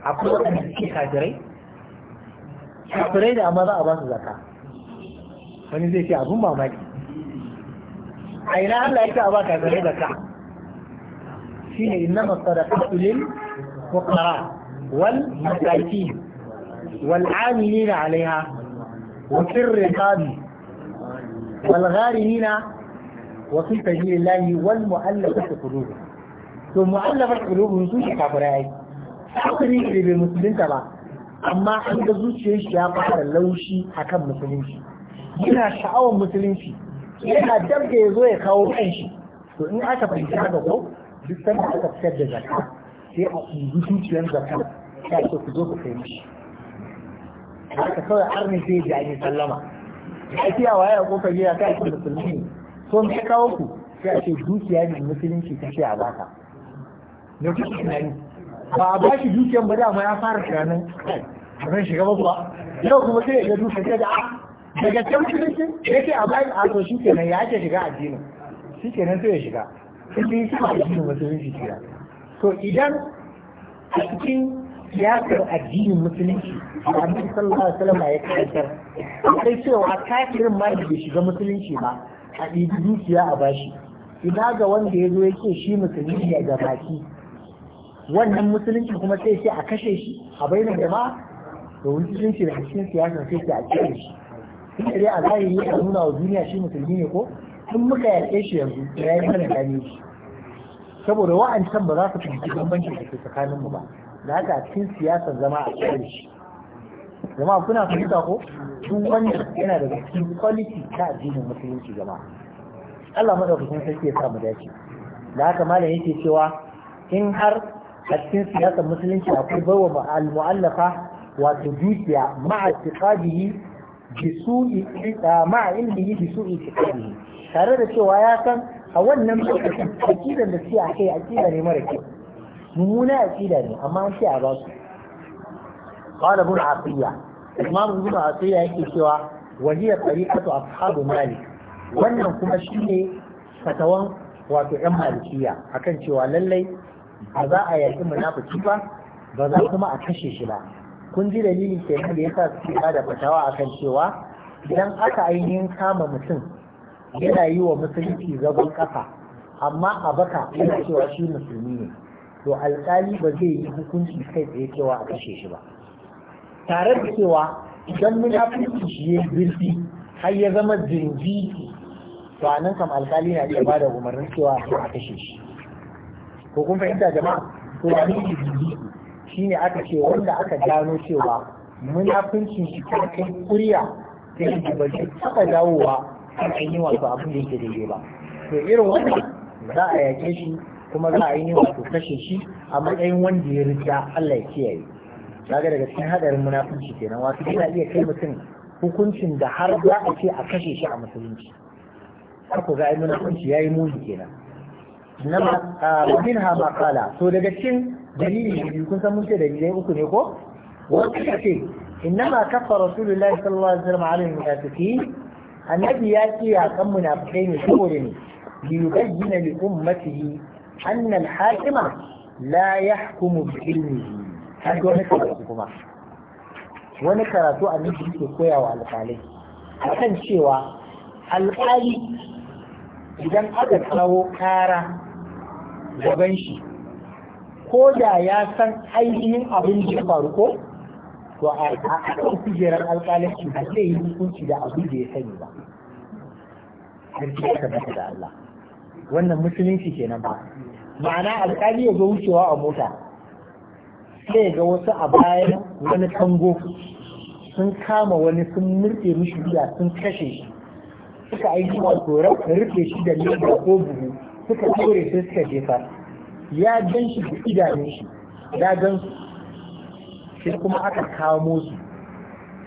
akwai waɗanda suke kafirai kafirai da amma za a ba zakka wani zai ce abin mamaki a ina Allah yake a ba ka gare da ka shi ne inna masadaqatu lil fuqara wal masakin wal amilina alaiha wa fir riqabi wal gharimina wa fi sabilillahi wal mu'allafati qulubuhum to mu'allafati qulubuhum su shi kafirai kafiri ne bai musulunta ba amma an ga zuciyar shi ya fara laushi akan musulunci yana sha'awar musulunci yana dab da ya zo ya kawo shi, to in aka fahimci haka ko duk da aka fitar da zakka sai a ɗubi zuciyar zakka sai so ku zo ku kai mishi haka kawai har ne zai ji an sallama ya waye a kofar ya kai ku musulmi ne so me kawo ku sai a ce dukiya ne musulunci ta ce a baka da kuke tunani ba a bashi dukiyan ba dama ya fara tunanin ran shiga ba kuwa yau kuma sai ya ga dukiyar da a ah, daga can musulunci yake a bayan aso shi kenan ya ake shiga addini shi kenan sai ya shiga sai yi shiga addinin musulunci kira to idan a cikin siyasar addinin musulunci annabi sallallahu alaihi wasallam ya karantar sai cewa kafirin ma da shiga musulunci ba a ɗibi dukiya a bashi ina ga wanda ya zo ya yake shi musulunci ne ga baki wannan musulunci kuma sai sai a kashe shi a bainar jama'a to musulunci da cikin siyasar sai sai a kashe shi duk da a zahiri a nuna wa duniya shi musulmi ne ko tun muka yaƙe shi yanzu ya yi mana gane shi saboda wa'ancan ba za su fahimci bambancin da ke tsakanin mu ba da haka a cikin siyasar zama a cikin shi jama'a kuna fahimta ko tun wanda yana da cikin kwaliti ta addinin musulunci zama. Allah madaukakin sarki ya sa mu dace da haka malam yake cewa in har a cikin siyasar musulunci akwai baiwa al-mu'allafa wato dukiya ma'a tiqadihi bisu ma ilmihi tare da cewa ya san a wannan lokacin akidan da suke a kai akida ne mara kyau mummuna akida ne amma an ce a ba qala ibn atiya imam ibn atiya yake cewa wa hiya tariqatu ashabu malik wannan kuma shine fatawan wato yan malikiya akan cewa lallai ba za a yaki munafiki ba ba za kuma a kashe shi ba kun ji dalilin nan da yasa suke ba da fatawa kan cewa idan aka ainihin kama mutum yana yi wa musulunci zagon ƙasa, amma a baka yana cewa shi musulmi ne to alƙali ba zai yi hukunci kai tsaye cewa a kashe shi ba tare da cewa idan munafiki shi ya birki, har ya zama jinjiki to a nan kam alƙali na iya ba da umarnin cewa a kashe shi ko kun fahimta jama'a to wani jinjiki Shi ne aka ce wanda aka gano cewa munafincin shi ta kai kuriya da yake ba shi taɓa dawowa kan an yi wato abin da yake daidai ba to irin wannan za a yake shi kuma za a yi wato kashe shi a matsayin wanda ya rija Allah ya kiyaye kaga daga cikin hadarin munafunci kenan wato yana iya kai mutum hukuncin da har za a ce a kashe shi a musulunci har ku ga ai munafunci yayi muni kenan nama minha ma kala to daga cikin dalili ne kun san mun ce dalilai uku ne ko wasu ka ce innama kafa rasulullahi sallallahu alaihi wasallam alal munafiqin annabi ya ce ya kan munafikai ne saboda ne bi yubayyana li ummatihi anna al-hakima la yahkumu bi ilmihi har ga wani karatu kuma wani karatu annabi yake koya wa alƙalai akan cewa alƙali idan aka kawo kara gaban shi ko da ya san ainihin abin da ya faru ko to a kan kujerar alƙalanci a zai yi hukunci da abin da ya sani ba sarki ka bata da Allah wannan musulunci kenan ba ma'ana alƙali ya zo wucewa a mota sai ga wasu a bayan wani kango sun kama wani sun murɗe mishi biya sun kashe shi suka aiki wa tsoron rufe shi da leda ko buhu suka tsore sai suka jefa ya gan shi da idanun shi ya gan su sai kuma aka kawo su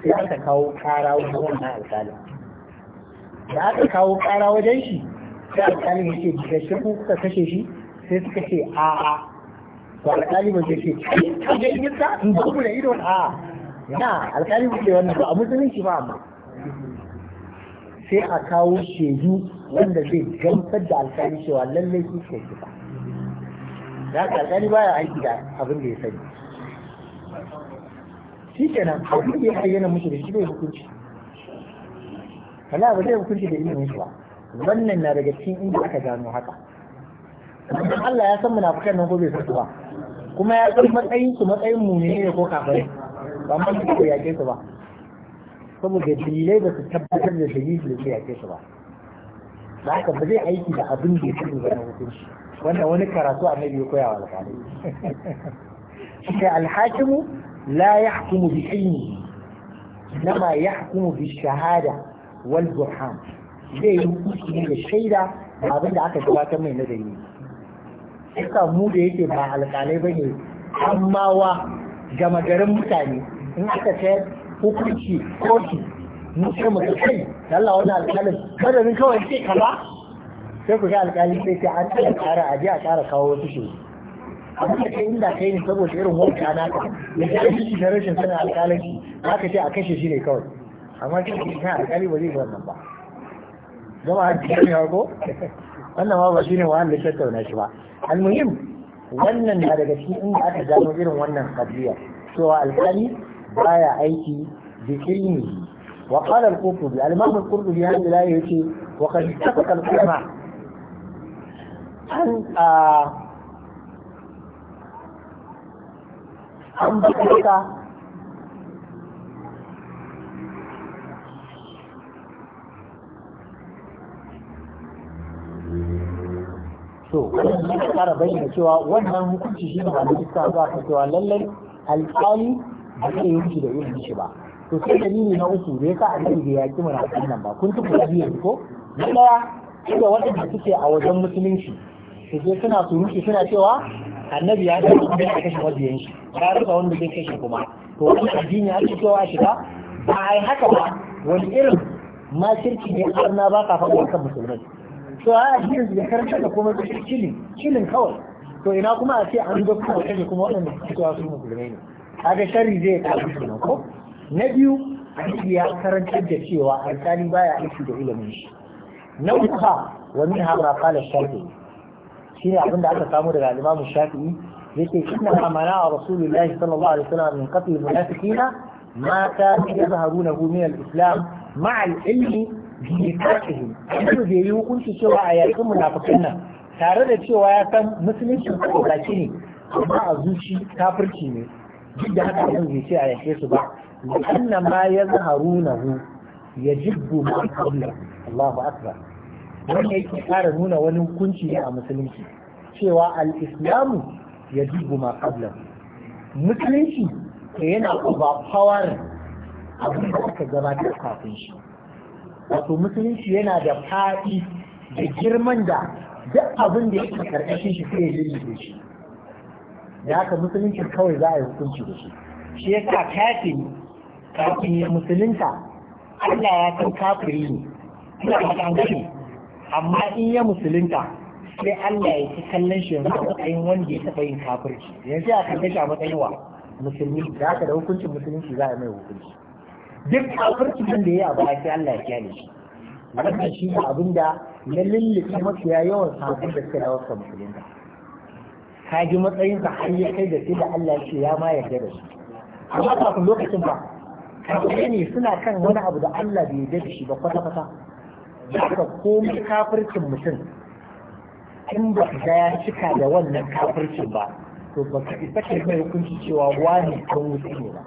sai aka kawo kara wajen wannan alƙalin da aka kawo kara wajen shi sai alƙalin ya ce da shi kuka kashe shi sai suka ce a'a to alƙali ba zai ce kaje in ta in ba ku da ido a na alƙali ba ce wannan ba a musulunci ba amma sai a kawo shaidu wanda zai gamsar da alƙali cewa lallai su ke ba da haka alƙali baya aiki da abin da ya sani shi kenan abin da ya bayyana mutu da shi bai hukunci kana ba zai hukunci da ilimin shi ba wannan na daga cikin inda aka gano haka Allah ya san munafikan nan ko bai san ba kuma ya san matsayin su matsayin mu ne ko kafare ba mun su ko yake su ba saboda dalilai ba su tabbatar da dalilin da yake su ba da haka ba zai aiki da abin da ya sani ba na hukunci wannan wani karatu a ya koya wa alƙalai shi alhakimu la yahkumu bi ilmi ya yahkumu bi shahada wal burhan zai yi hukunci da shaida abin da aka gabatar mai na dalili suka mu da yake ba alƙalai ba ne amma wa gama garin mutane in aka sayar hukunci kotu mu sai mu kai Allah wani alƙalin madadin kawai sai kaza sai ku ga alƙali sai ce an iya ƙara aje a ƙara kawo wasu shi amma kai inda kai ne saboda irin wanka naka ya ta shi da rashin sanin alƙalanci ka ce a kashe shi ne kawai amma kai ne kan alƙali ba zai yi wannan ba gama hajji ne ko wannan ma ba shi ne da tattauna shi ba almuhim wannan na daga cikin inda aka gano irin wannan qadiya cewa alƙali baya aiki bi ilmihi wa qala al-qurtubi al-imam al-qurtubi hadda la yace wa qad ittafaqa al-ulama an a wannan cewa wannan hukunci shi ne ba lissa za ka cewa lallai alƙali ba zai da irin shi ba to sai dalili na uku da yaki nan ba kun tuku biyan ko na waɗanda suke a wajen musulunci su je suna surutu suna cewa annabi ya kashe wanda ya kashe mabiyan shi ya rasa wanda zai kashe kuma to wani addini ya ce cewa shiga ba a yi haka ba wani irin makirci ne arna ba ka faɗo kan musulmai to a addinin su da karanta da kuma cilin cilin kawai to ina kuma a ce an zo kuma kashe kuma waɗanda su cewa su musulmai ne kaga shari zai kawo na ko na biyu addini ya karanta da cewa alƙali baya aiki da ilimin shi na uku wa min ha ma qala shine abin da aka samu daga Imam Shafi'i yake inna amana rasulullahi sallallahu alaihi wasallam min qatl munafiqina min كانوا Islam. من الإسلام مع العلم بنفاقهم yanzu zai yi hukunci cewa a yakin munafikan nan tare da cewa ya san musulunci kokaki ne amma a zuci kafirci ne duk da haka yanzu bai ce a yake su ba annan ma ya zaharu na hu ya jibbu ma kabla Allahu akbar wanda yake ƙara nuna wani hukunci ne a musulunci cewa al-islamu ya jibu ma kabla musulunci ta yana power abin da aka da kafin shi wato musulunci yana da faɗi da girman da duk abin da yake karkashin shi sai ya da shi da haka musulunci kawai za a yi hukunci da shi shi yasa kafin kafin musulunta Allah ya san kafiri ne ina da an amma in ya musulunta sai Allah ya ci kallon shi yanzu a matsayin wanda ya taɓa yin kafirci yanzu a kan shi a matsayin wa musulmi Za ka da hukuncin musulunci za a mai hukunci duk kafircin da ya yi a baya sai Allah ya kyale shi wannan shi ne abin da na lullufi mafiya yawan sabon da suka dawo sa musulunta ka ji matsayinsa har ya kai da sai da Allah ce ya ma yarda da shi amma kafin lokacin ba kafirai ne suna kan wani abu da Allah bai yarda da shi ba kwata-kwata ka komai kafircin mutum in ba ka ya cika da wannan kafircin ba to ba ka isa ka mai hukunci cewa wani kan wuce ne ba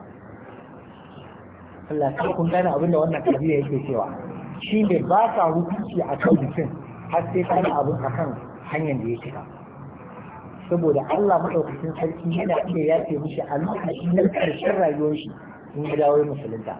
Allah sai kun gane abin da wannan kabiya yake cewa shi ne ba ka hukunci a kan mutum har sai ka yi abin a kan hanyar da ya cika saboda Allah maɗaukacin sarki yana iya yafe mishi a lokacin na ƙarshen rayuwar shi in ya dawo musulunta.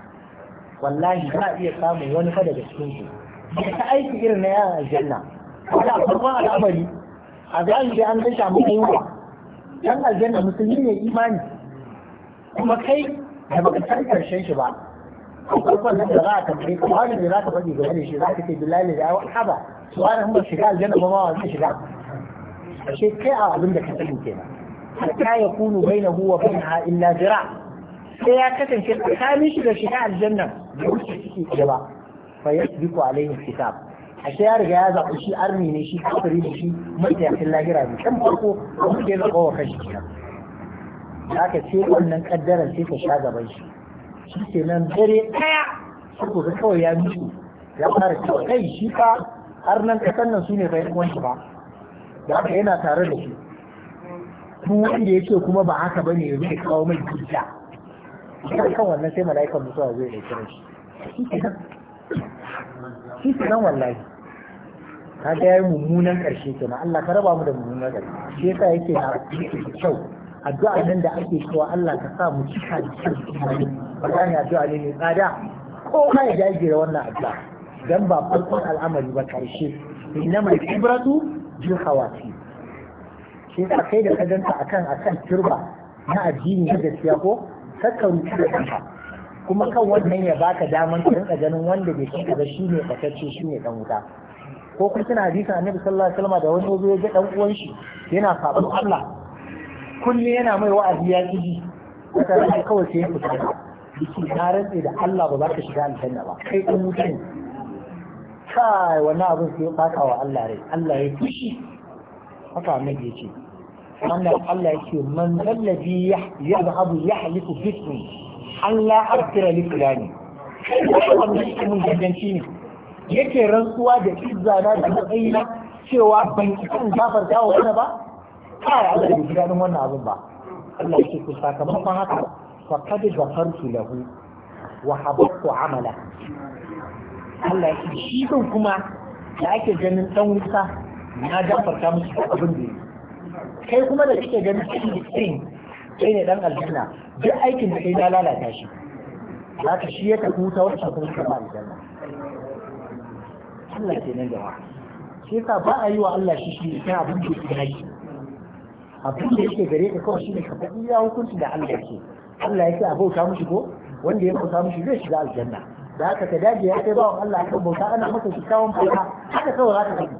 wallahi za a iya samun wani fa daga cikin su ta aiki irin na yaran aljanna wanda a farkon al'amari a zahiri an zai samu yunwa dan aljanna musulmi ne imani kuma kai da baka san karshen shi ba farkon nan da za a tambaye ko wani da za ka faɗi game da shi za ka ce bilali da yawa haba su ana kuma shiga aljanna ba ma zai shiga ashe kai a abin da ka sani kenan hatta yakunu bainahu wa ha'in na zira' sai ya kasance tsakanin shi da shiga aljanna da wuce ciki gaba. ba fa yasbiqu alaihi kitab ashe ya riga ya zaɓi shi "Armi ne shi kafiri ne shi matayakin lahira ne kan farko wanda ya zaɓa wa kashi kenan haka ce wannan kaddaran sai ka sha gaban shi shi ke nan dare ɗaya su ga kawai ya mutu ya fara cewa kai shi fa har nan kasan nan su ne bai uwan shi ba da haka yana tare da shi duk wanda ya ce kuma ba haka bane ya zai kawo mai dukiya kan kan wannan sai mala'ikan mutuwa zai da kira shi shi nan wallahi Ta ga mummunan karshe kenan Allah ka raba mu da mummunan ƙarshe shi yasa yake na kyau addu'a nan da ake cewa Allah ka sa mu cika da kyau wannan addu'a ne mai tsada ko ka ya jajira wannan addu'a dan ba farkon al'amari ba ƙarshe. inna innamal ibratu bil hawati shi yasa kai da ka danta akan akan turba na addini na gaskiya ko kakan da kanka kuma kan wannan ya baka daman ka rinka ganin wanda bai kika ba shine fatacce ne dan wuta ko kuma kina hadisin annabi sallallahu alaihi wasallam da wani yazo ya ga dan uwan shi yana sabon Allah kullum yana mai wa'azi ya ji ka rinka kawai sai ku tsaya biki na rantsi da Allah ba za ka shiga aljanna ba kai dan mutum kai wannan abin sai ya faka wa Allah rai Allah ya fushi haka annabi ya ce wannan Allah yake man zallabi ya zahabu ya halifu fitni an la arkira li fulani wannan shi mun gaganci ne yake rantsuwa da izzana da matsayina cewa ban kan gafar wa wani ba kai Allah bai ji wannan abin ba Allah yake ku sakamakon haka faqad ghafartu lahu wa habattu amala Allah yake shi kuma da ake ganin dan wuta na gafarta musu abin da yake kai kuma da kike ganin cikin cikin kai ne dan aljanna duk aikin da kai na lalata shi za ka shi ya tafi wuta wacce kuma ka ba aljanna Allah ke nan wa. shi yasa ba a yi wa Allah shi shi ta abin da yake nashi abin da yake gare ka kawai shi ne ka faɗi ya hukunci da Allah ke Allah ya yake a bauta mushi ko wanda ya bauta mushi zai shiga aljanna da haka ka dage ya kai bawan Allah ka bauta ana masa kyakkyawan fata haka kawai za ka tafi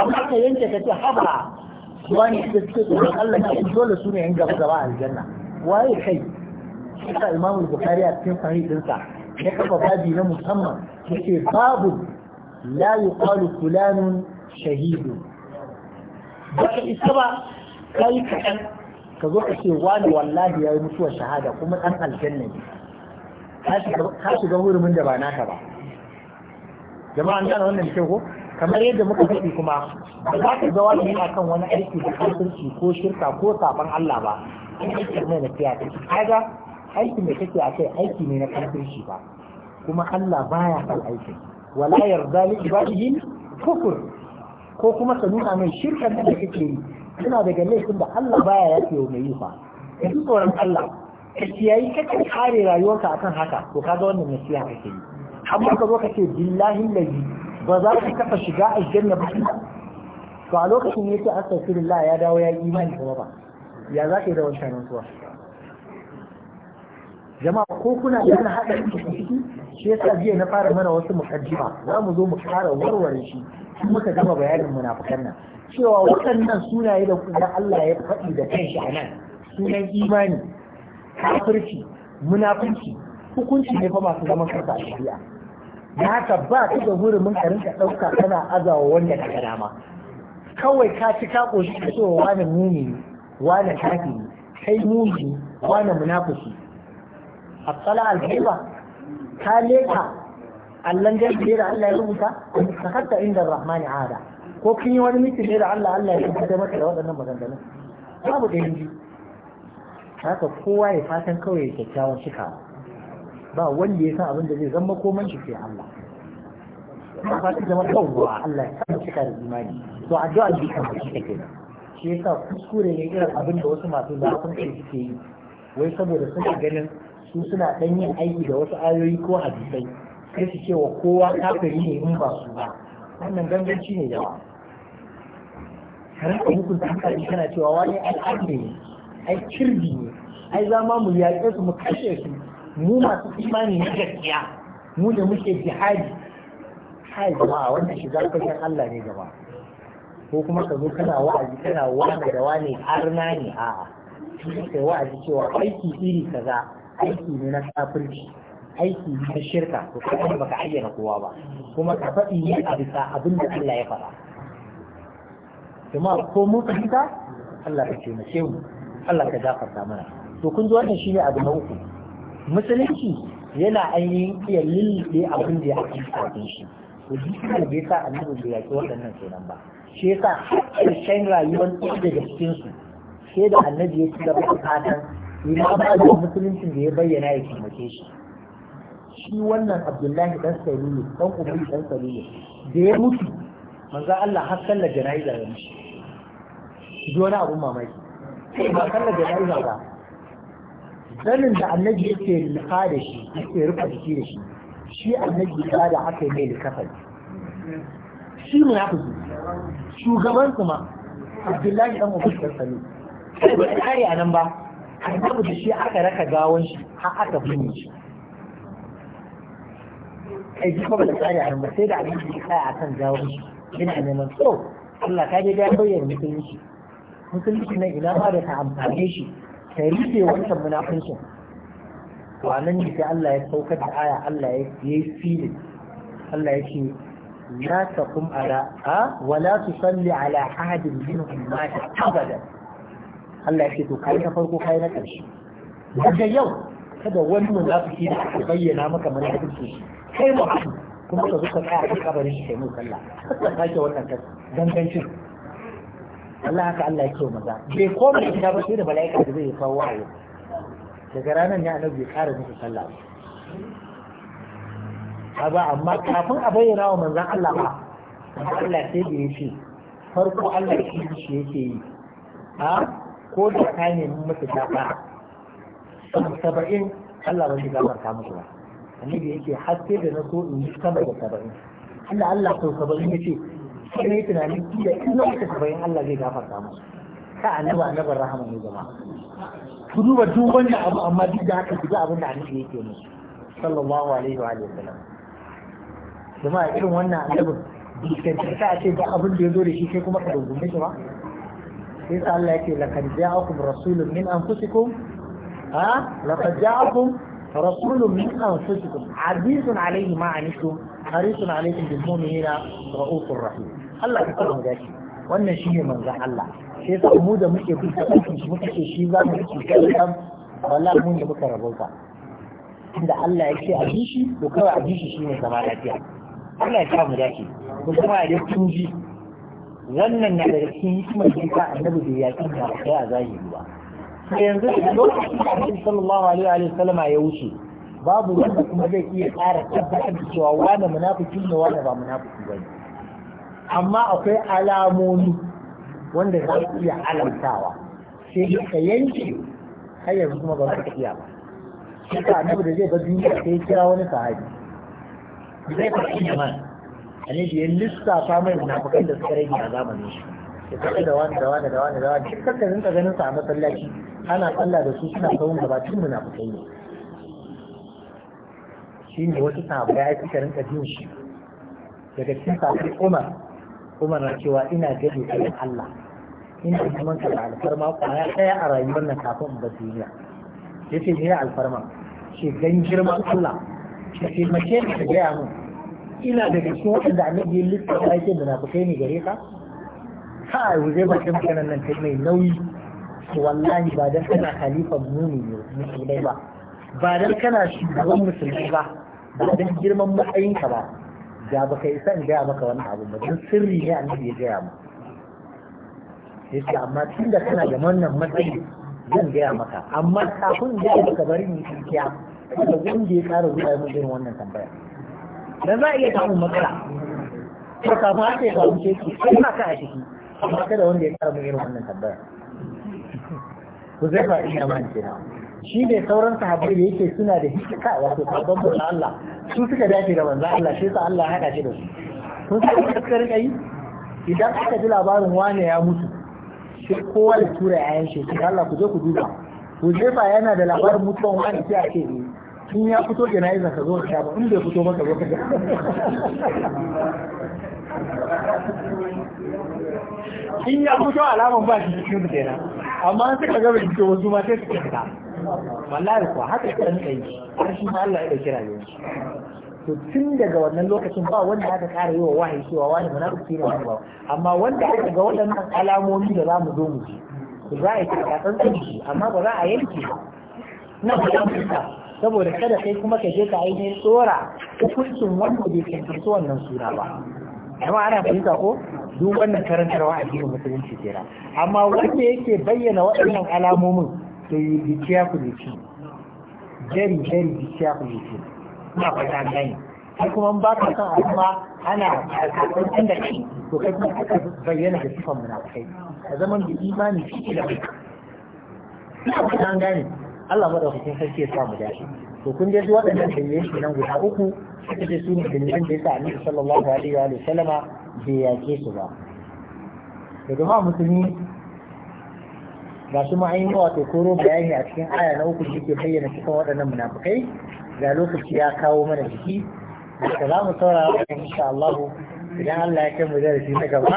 amma ka yanke ka ce haba wani da suke tsoron Allah ne dole su ne yan gaba gaba aljanna waye kai shi Imam al a cikin sahih dinsa ya kafa babi na musamman yake babu la yuqalu fulanun Ba ka isa ba kai kaɗan ka zo ka ce wani wallahi ya yi mutuwar shahada kuma ɗan aljanna ne ka shiga hurumin da ba naka ba jama'an gane wannan da ko kamar yadda muka faɗi kuma ba za ka ga wani yana kan wani aiki da kafirci ko shirka ko saban Allah ba in aikin na nasiya ta kaga aikin da kake a kai aiki ne na kafirci ba kuma Allah baya kan aikin wala yarda li ibadihi kufur ko kuma ka nuna mai shirkan da kake yi suna daga laifin da Allah baya yafe wa mai yi fa ka ji tsoron Allah ka kiyayi kake kare rayuwarka akan haka to kaga wannan nasiha kake yi amma ka zo ka ce billahi lazi ba za ka taɓa shiga aljanna ba to a lokacin ya ce astaghfirullah ya dawo ya yi imani kuma ba ya za ka yi da wancan rantsuwa jama'a ko kuna yana haɗa ciki shi sa jiya na fara mana wasu mukaddima za mu zo mu fara warware shi in muka gama bayanin munafukan nan cewa waɗannan sunaye da kuma Allah ya faɗi da kanshi a nan sunan imani kafirci munafunci hukunci ne fa masu zaman kansa a shari'a ya haka ba ka da hurumin ka rinka ɗauka kana azawa wanda ka ga dama kawai ka ci ka ƙoshi ka so wani muni wani kafiri kai muni wani munafiki a tsala alhaiba ka leka allon gaske da Allah ya rubuta ka hatta inda rahmani ada ko kin yi wani miki ne da Allah Allah ya rubuta maka da waɗannan maganganu babu ɗaya haka kowa ya fatan kawai kyakkyawan cikawa ba wanda ya san abin da zai zama komai shi sai Allah ba fata zama kawwa Allah ya san cika da imani to addu'a bi kan shi take shi yasa kuskure ne irin abin da wasu masu sun kai suke yi wai saboda suna ganin su suna dan yin aiki da wasu ayoyi ko hadisai sai su ce wa kowa kafiri ne in ba su ba wannan ganganci ne yawa kare ka hukunta hankali kana cewa wani al'adu ne ai kirbi ne ai zama mu yaƙe su mu kashe su mu masu imani na gaskiya mu da muke jihadi kai jama'a wanda shiga fashin Allah ne gaba ko kuma ka zo kana wa'azi kana wani da wani arna ne a'a kai wa'azi cewa aiki iri kaza aiki ne na kafirci aiki ne na shirka to kai ka ayyana kowa ba kuma ka faɗi ne a bisa abin da Allah ya faɗa jama'a ko ka fahimta Allah ka ce mu Allah ka gafarta mana to kun ji wannan shine abu na uku musulunci yana ainihin iya lullube abin da ya a kafin shi to duk da bai sa annabi bai yaki waɗannan kenan ba shi ya sa shan rayuwar ɗaya daga cikinsu sai da annabi ya ci gaba da fatan ina ba da musuluncin da ya bayyana ya taimake shi shi wannan abdullahi dan salulu dan ubangi dan salulu da ya mutu manzo Allah har sallar jana'iza ya mishi ji wani abun mamaki ba sallar jana'iza ba zanin da annabi yake lika da shi yake rufa jiki da shi shi annabi ya da aka yi mai likafan shi ne ya fi shugaban su ma abdullahi dan mutum da sani sai ba kare a nan ba annabi da shi aka raka gawon shi har aka binne shi kai ji kuma da kare a nan ba sai da annabi ya tsaya akan gawon shi yana neman tsoro Allah ka je ga bayyana mutunci mutunci nan ina ba da ta amfane shi ka rike wancan munafincin to anan ne sai Allah ya saukar da aya Allah ya yi fili Allah ya ce la taqum ala a wa la tusalli ala ahadin minhum mata abada Allah ya ce to kai na farko kai na karshe daga yau kada wani munafiki da aka bayyana maka munafiki shi kai mu kuma ka zo ka tsaya a kabarin shi kai mu sallah ka sake wannan gangancin Allah haka Allah ya ce maza bai koma gida ba sai da mala'ika da zai kawo wa'ayi daga ranar ya annabi kare musu sallah ba amma kafin a bayyana wa manzan Allah ba Allah sai da ya ce farko Allah shi shi yake yi a ko da ka nemi musu dafa saba'in Allah ba shi gafarta musu ba annabi yake haske da na so in yi sama da saba'in Allah Allah sau saba'in ya ce sai na yi tunanin kila in na mutu bayan Allah zai gafarta musu ka annaba annabar rahama ne zama ku duba duk wanda abu amma duk da haka duk abin da annabi yake musu sallallahu alaihi wa sallam jama'a irin wannan annabin dukkanci ta ce ba abin da ya zo da shi sai kuma ka dungume shi ba sai sa Allah yake laqad ja'akum rasulun min anfusikum ha laqad ja'akum rasulun min anfusikum azizun alaihi ma anishtum harisun alaikum bil mu'minina ra'ufur rahim Allah ya kara gashi wannan shine manzon Allah sai sa mu da muke bi ta cikin shi muke ce shi za mu ci kan wallahi mun da muka ka. inda Allah ya ce a ji shi to kawai a ji shi shine zama lafiya Allah ya kara mu dace. ko kuma ya tunji wannan na daga cikin hikimar da ka annabi da yaƙi da kai a zahiri ba sai yanzu da lokacin da Annabi sallallahu alaihi wa sallama ya wuce babu wanda kuma zai iya ƙara tabbatar da cewa wane munafiki ne wane ba munafiki ba amma akwai alamomi wanda za ku iya alamtawa sai ka yanke har yanzu kuma ba za ka iya ba shi ka annabi da zai ba duniya sai kira wani sahabi zai ka iya man annabi ya lissafa mai munafikan da suka rage a zamanin shi ya kaɗa da wani da wani da wani da wani duk kakkarin ka ganin sa a masallaci ana tsalla da su suna kawun gabatun munafikai ne shi ne wasu sahabbai ya suka rinka jin shi daga cikin sahabbai Umar Umar na cewa ina gani kai Allah ina neman ka da alfarma kwaya ɗaya a rayuwar na kafin in bar duniya yace ne alfarma ce gan girman Allah ce ce mace ne ta gaya mun ina daga cikin waɗanda annabi ya lissafa yake da nafukai ne gare ka kai wuzai ba ta maganar nan ta mai nauyi wallahi ba dan kana khalifan mumini ne dai ba ba don kana shugaban musulmi ba ba don girman matsayinka ba da baka isa in gaya maka wani abu ba don sirri ne annabi ya gaya mu yace amma tunda kana da wannan matsayi zan gaya maka amma kafin da ka bari ni kiya da ya ƙara zuwa mun irin wannan tambaya dan za a iya samun matsala ko kafin haka ya samu ce sai ma ka a ciki amma kada wanda ya ƙara mun irin wannan tambaya ku zai fa ina man kenan shi ne sauran sahabbai da yake suna da hikka wato sabon manzo Allah su suka dace da manzo Allah shi yasa Allah ya haɗa shi da su sun suka yi kaskar rika idan aka ji labarin wane ya mutu sai kowa da tura yayan shi sai Allah ku je ku duba Ku Huzaifa yana da labarin mutuwan wani sai a ce eh, in ya fito jana'izar ka zo ka ba in bai fito ba ka zo ka in ya fito alaman ba shi cikin kenan amma suka ga bai fito wasu ma sai suka fita wallahi kuwa haka kiran rinka yi har shi ma Allah ya dauki rayuwar to tun daga wannan lokacin ba wanda aka kare yi wa wahayi cewa wani munafiki ne ba amma wanda aka ga waɗannan alamomi da za mu zo mu ji za a yi tsantsan tsanci amma ba za a yanke na fahimta saboda kada kai kuma ka je ka ainihin tsora hukuncin wanda bai cancanci wannan suna ba amma ana fahimta ko duk wannan karantarwa a cikin musulunci kera amma wanda yake bayyana waɗannan alamomin So you be careful with jari jari very ku careful ci him. ba ta gani. Sai kuma ba ka san amma ma ana karɓar da kai to kai kuma ka bayyana da sifan munafukai. Ka zama da imani shi da bai. Ina fata gani. Allah madaukakin sarki ya samu shi, to kun je waɗannan shi nan guda uku suka ce su ne dalilan da sa annabi sallallahu alaihi wa sallama bai yake su ba daga jama'a musulmi ga shi ma'ayin wato koro bayani a cikin aya na uku yake bayyana cikin waɗannan munafukai ga lokaci ya kawo mana jiki da za mu saurara wa insha Allah idan Allah ya kai mu darasi na gaba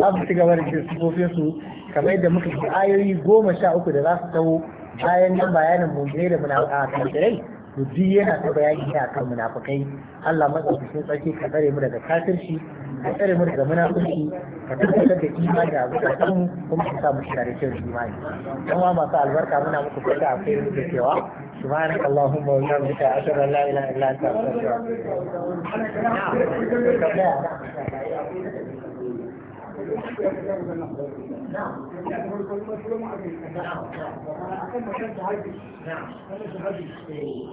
za mu ci gaba da jin sifofin su kamar yadda muka ji ayoyi goma sha uku da za su tawo bayan nan bayanin mummune da munafukai to yana ta bayani ne kan munafukai Allah sun tsarki ka tsare mu daga kafirci ka tsare da muna munafiki ka tabbatar da imani a zukatan kuma ka samu shi tare da imani dan ma masu albarka muna muku fata akwai muke cewa سبحانك اللهم وبحمدك أشهد أن لا إله إلا أنت أستغفرك نعم نعم نعم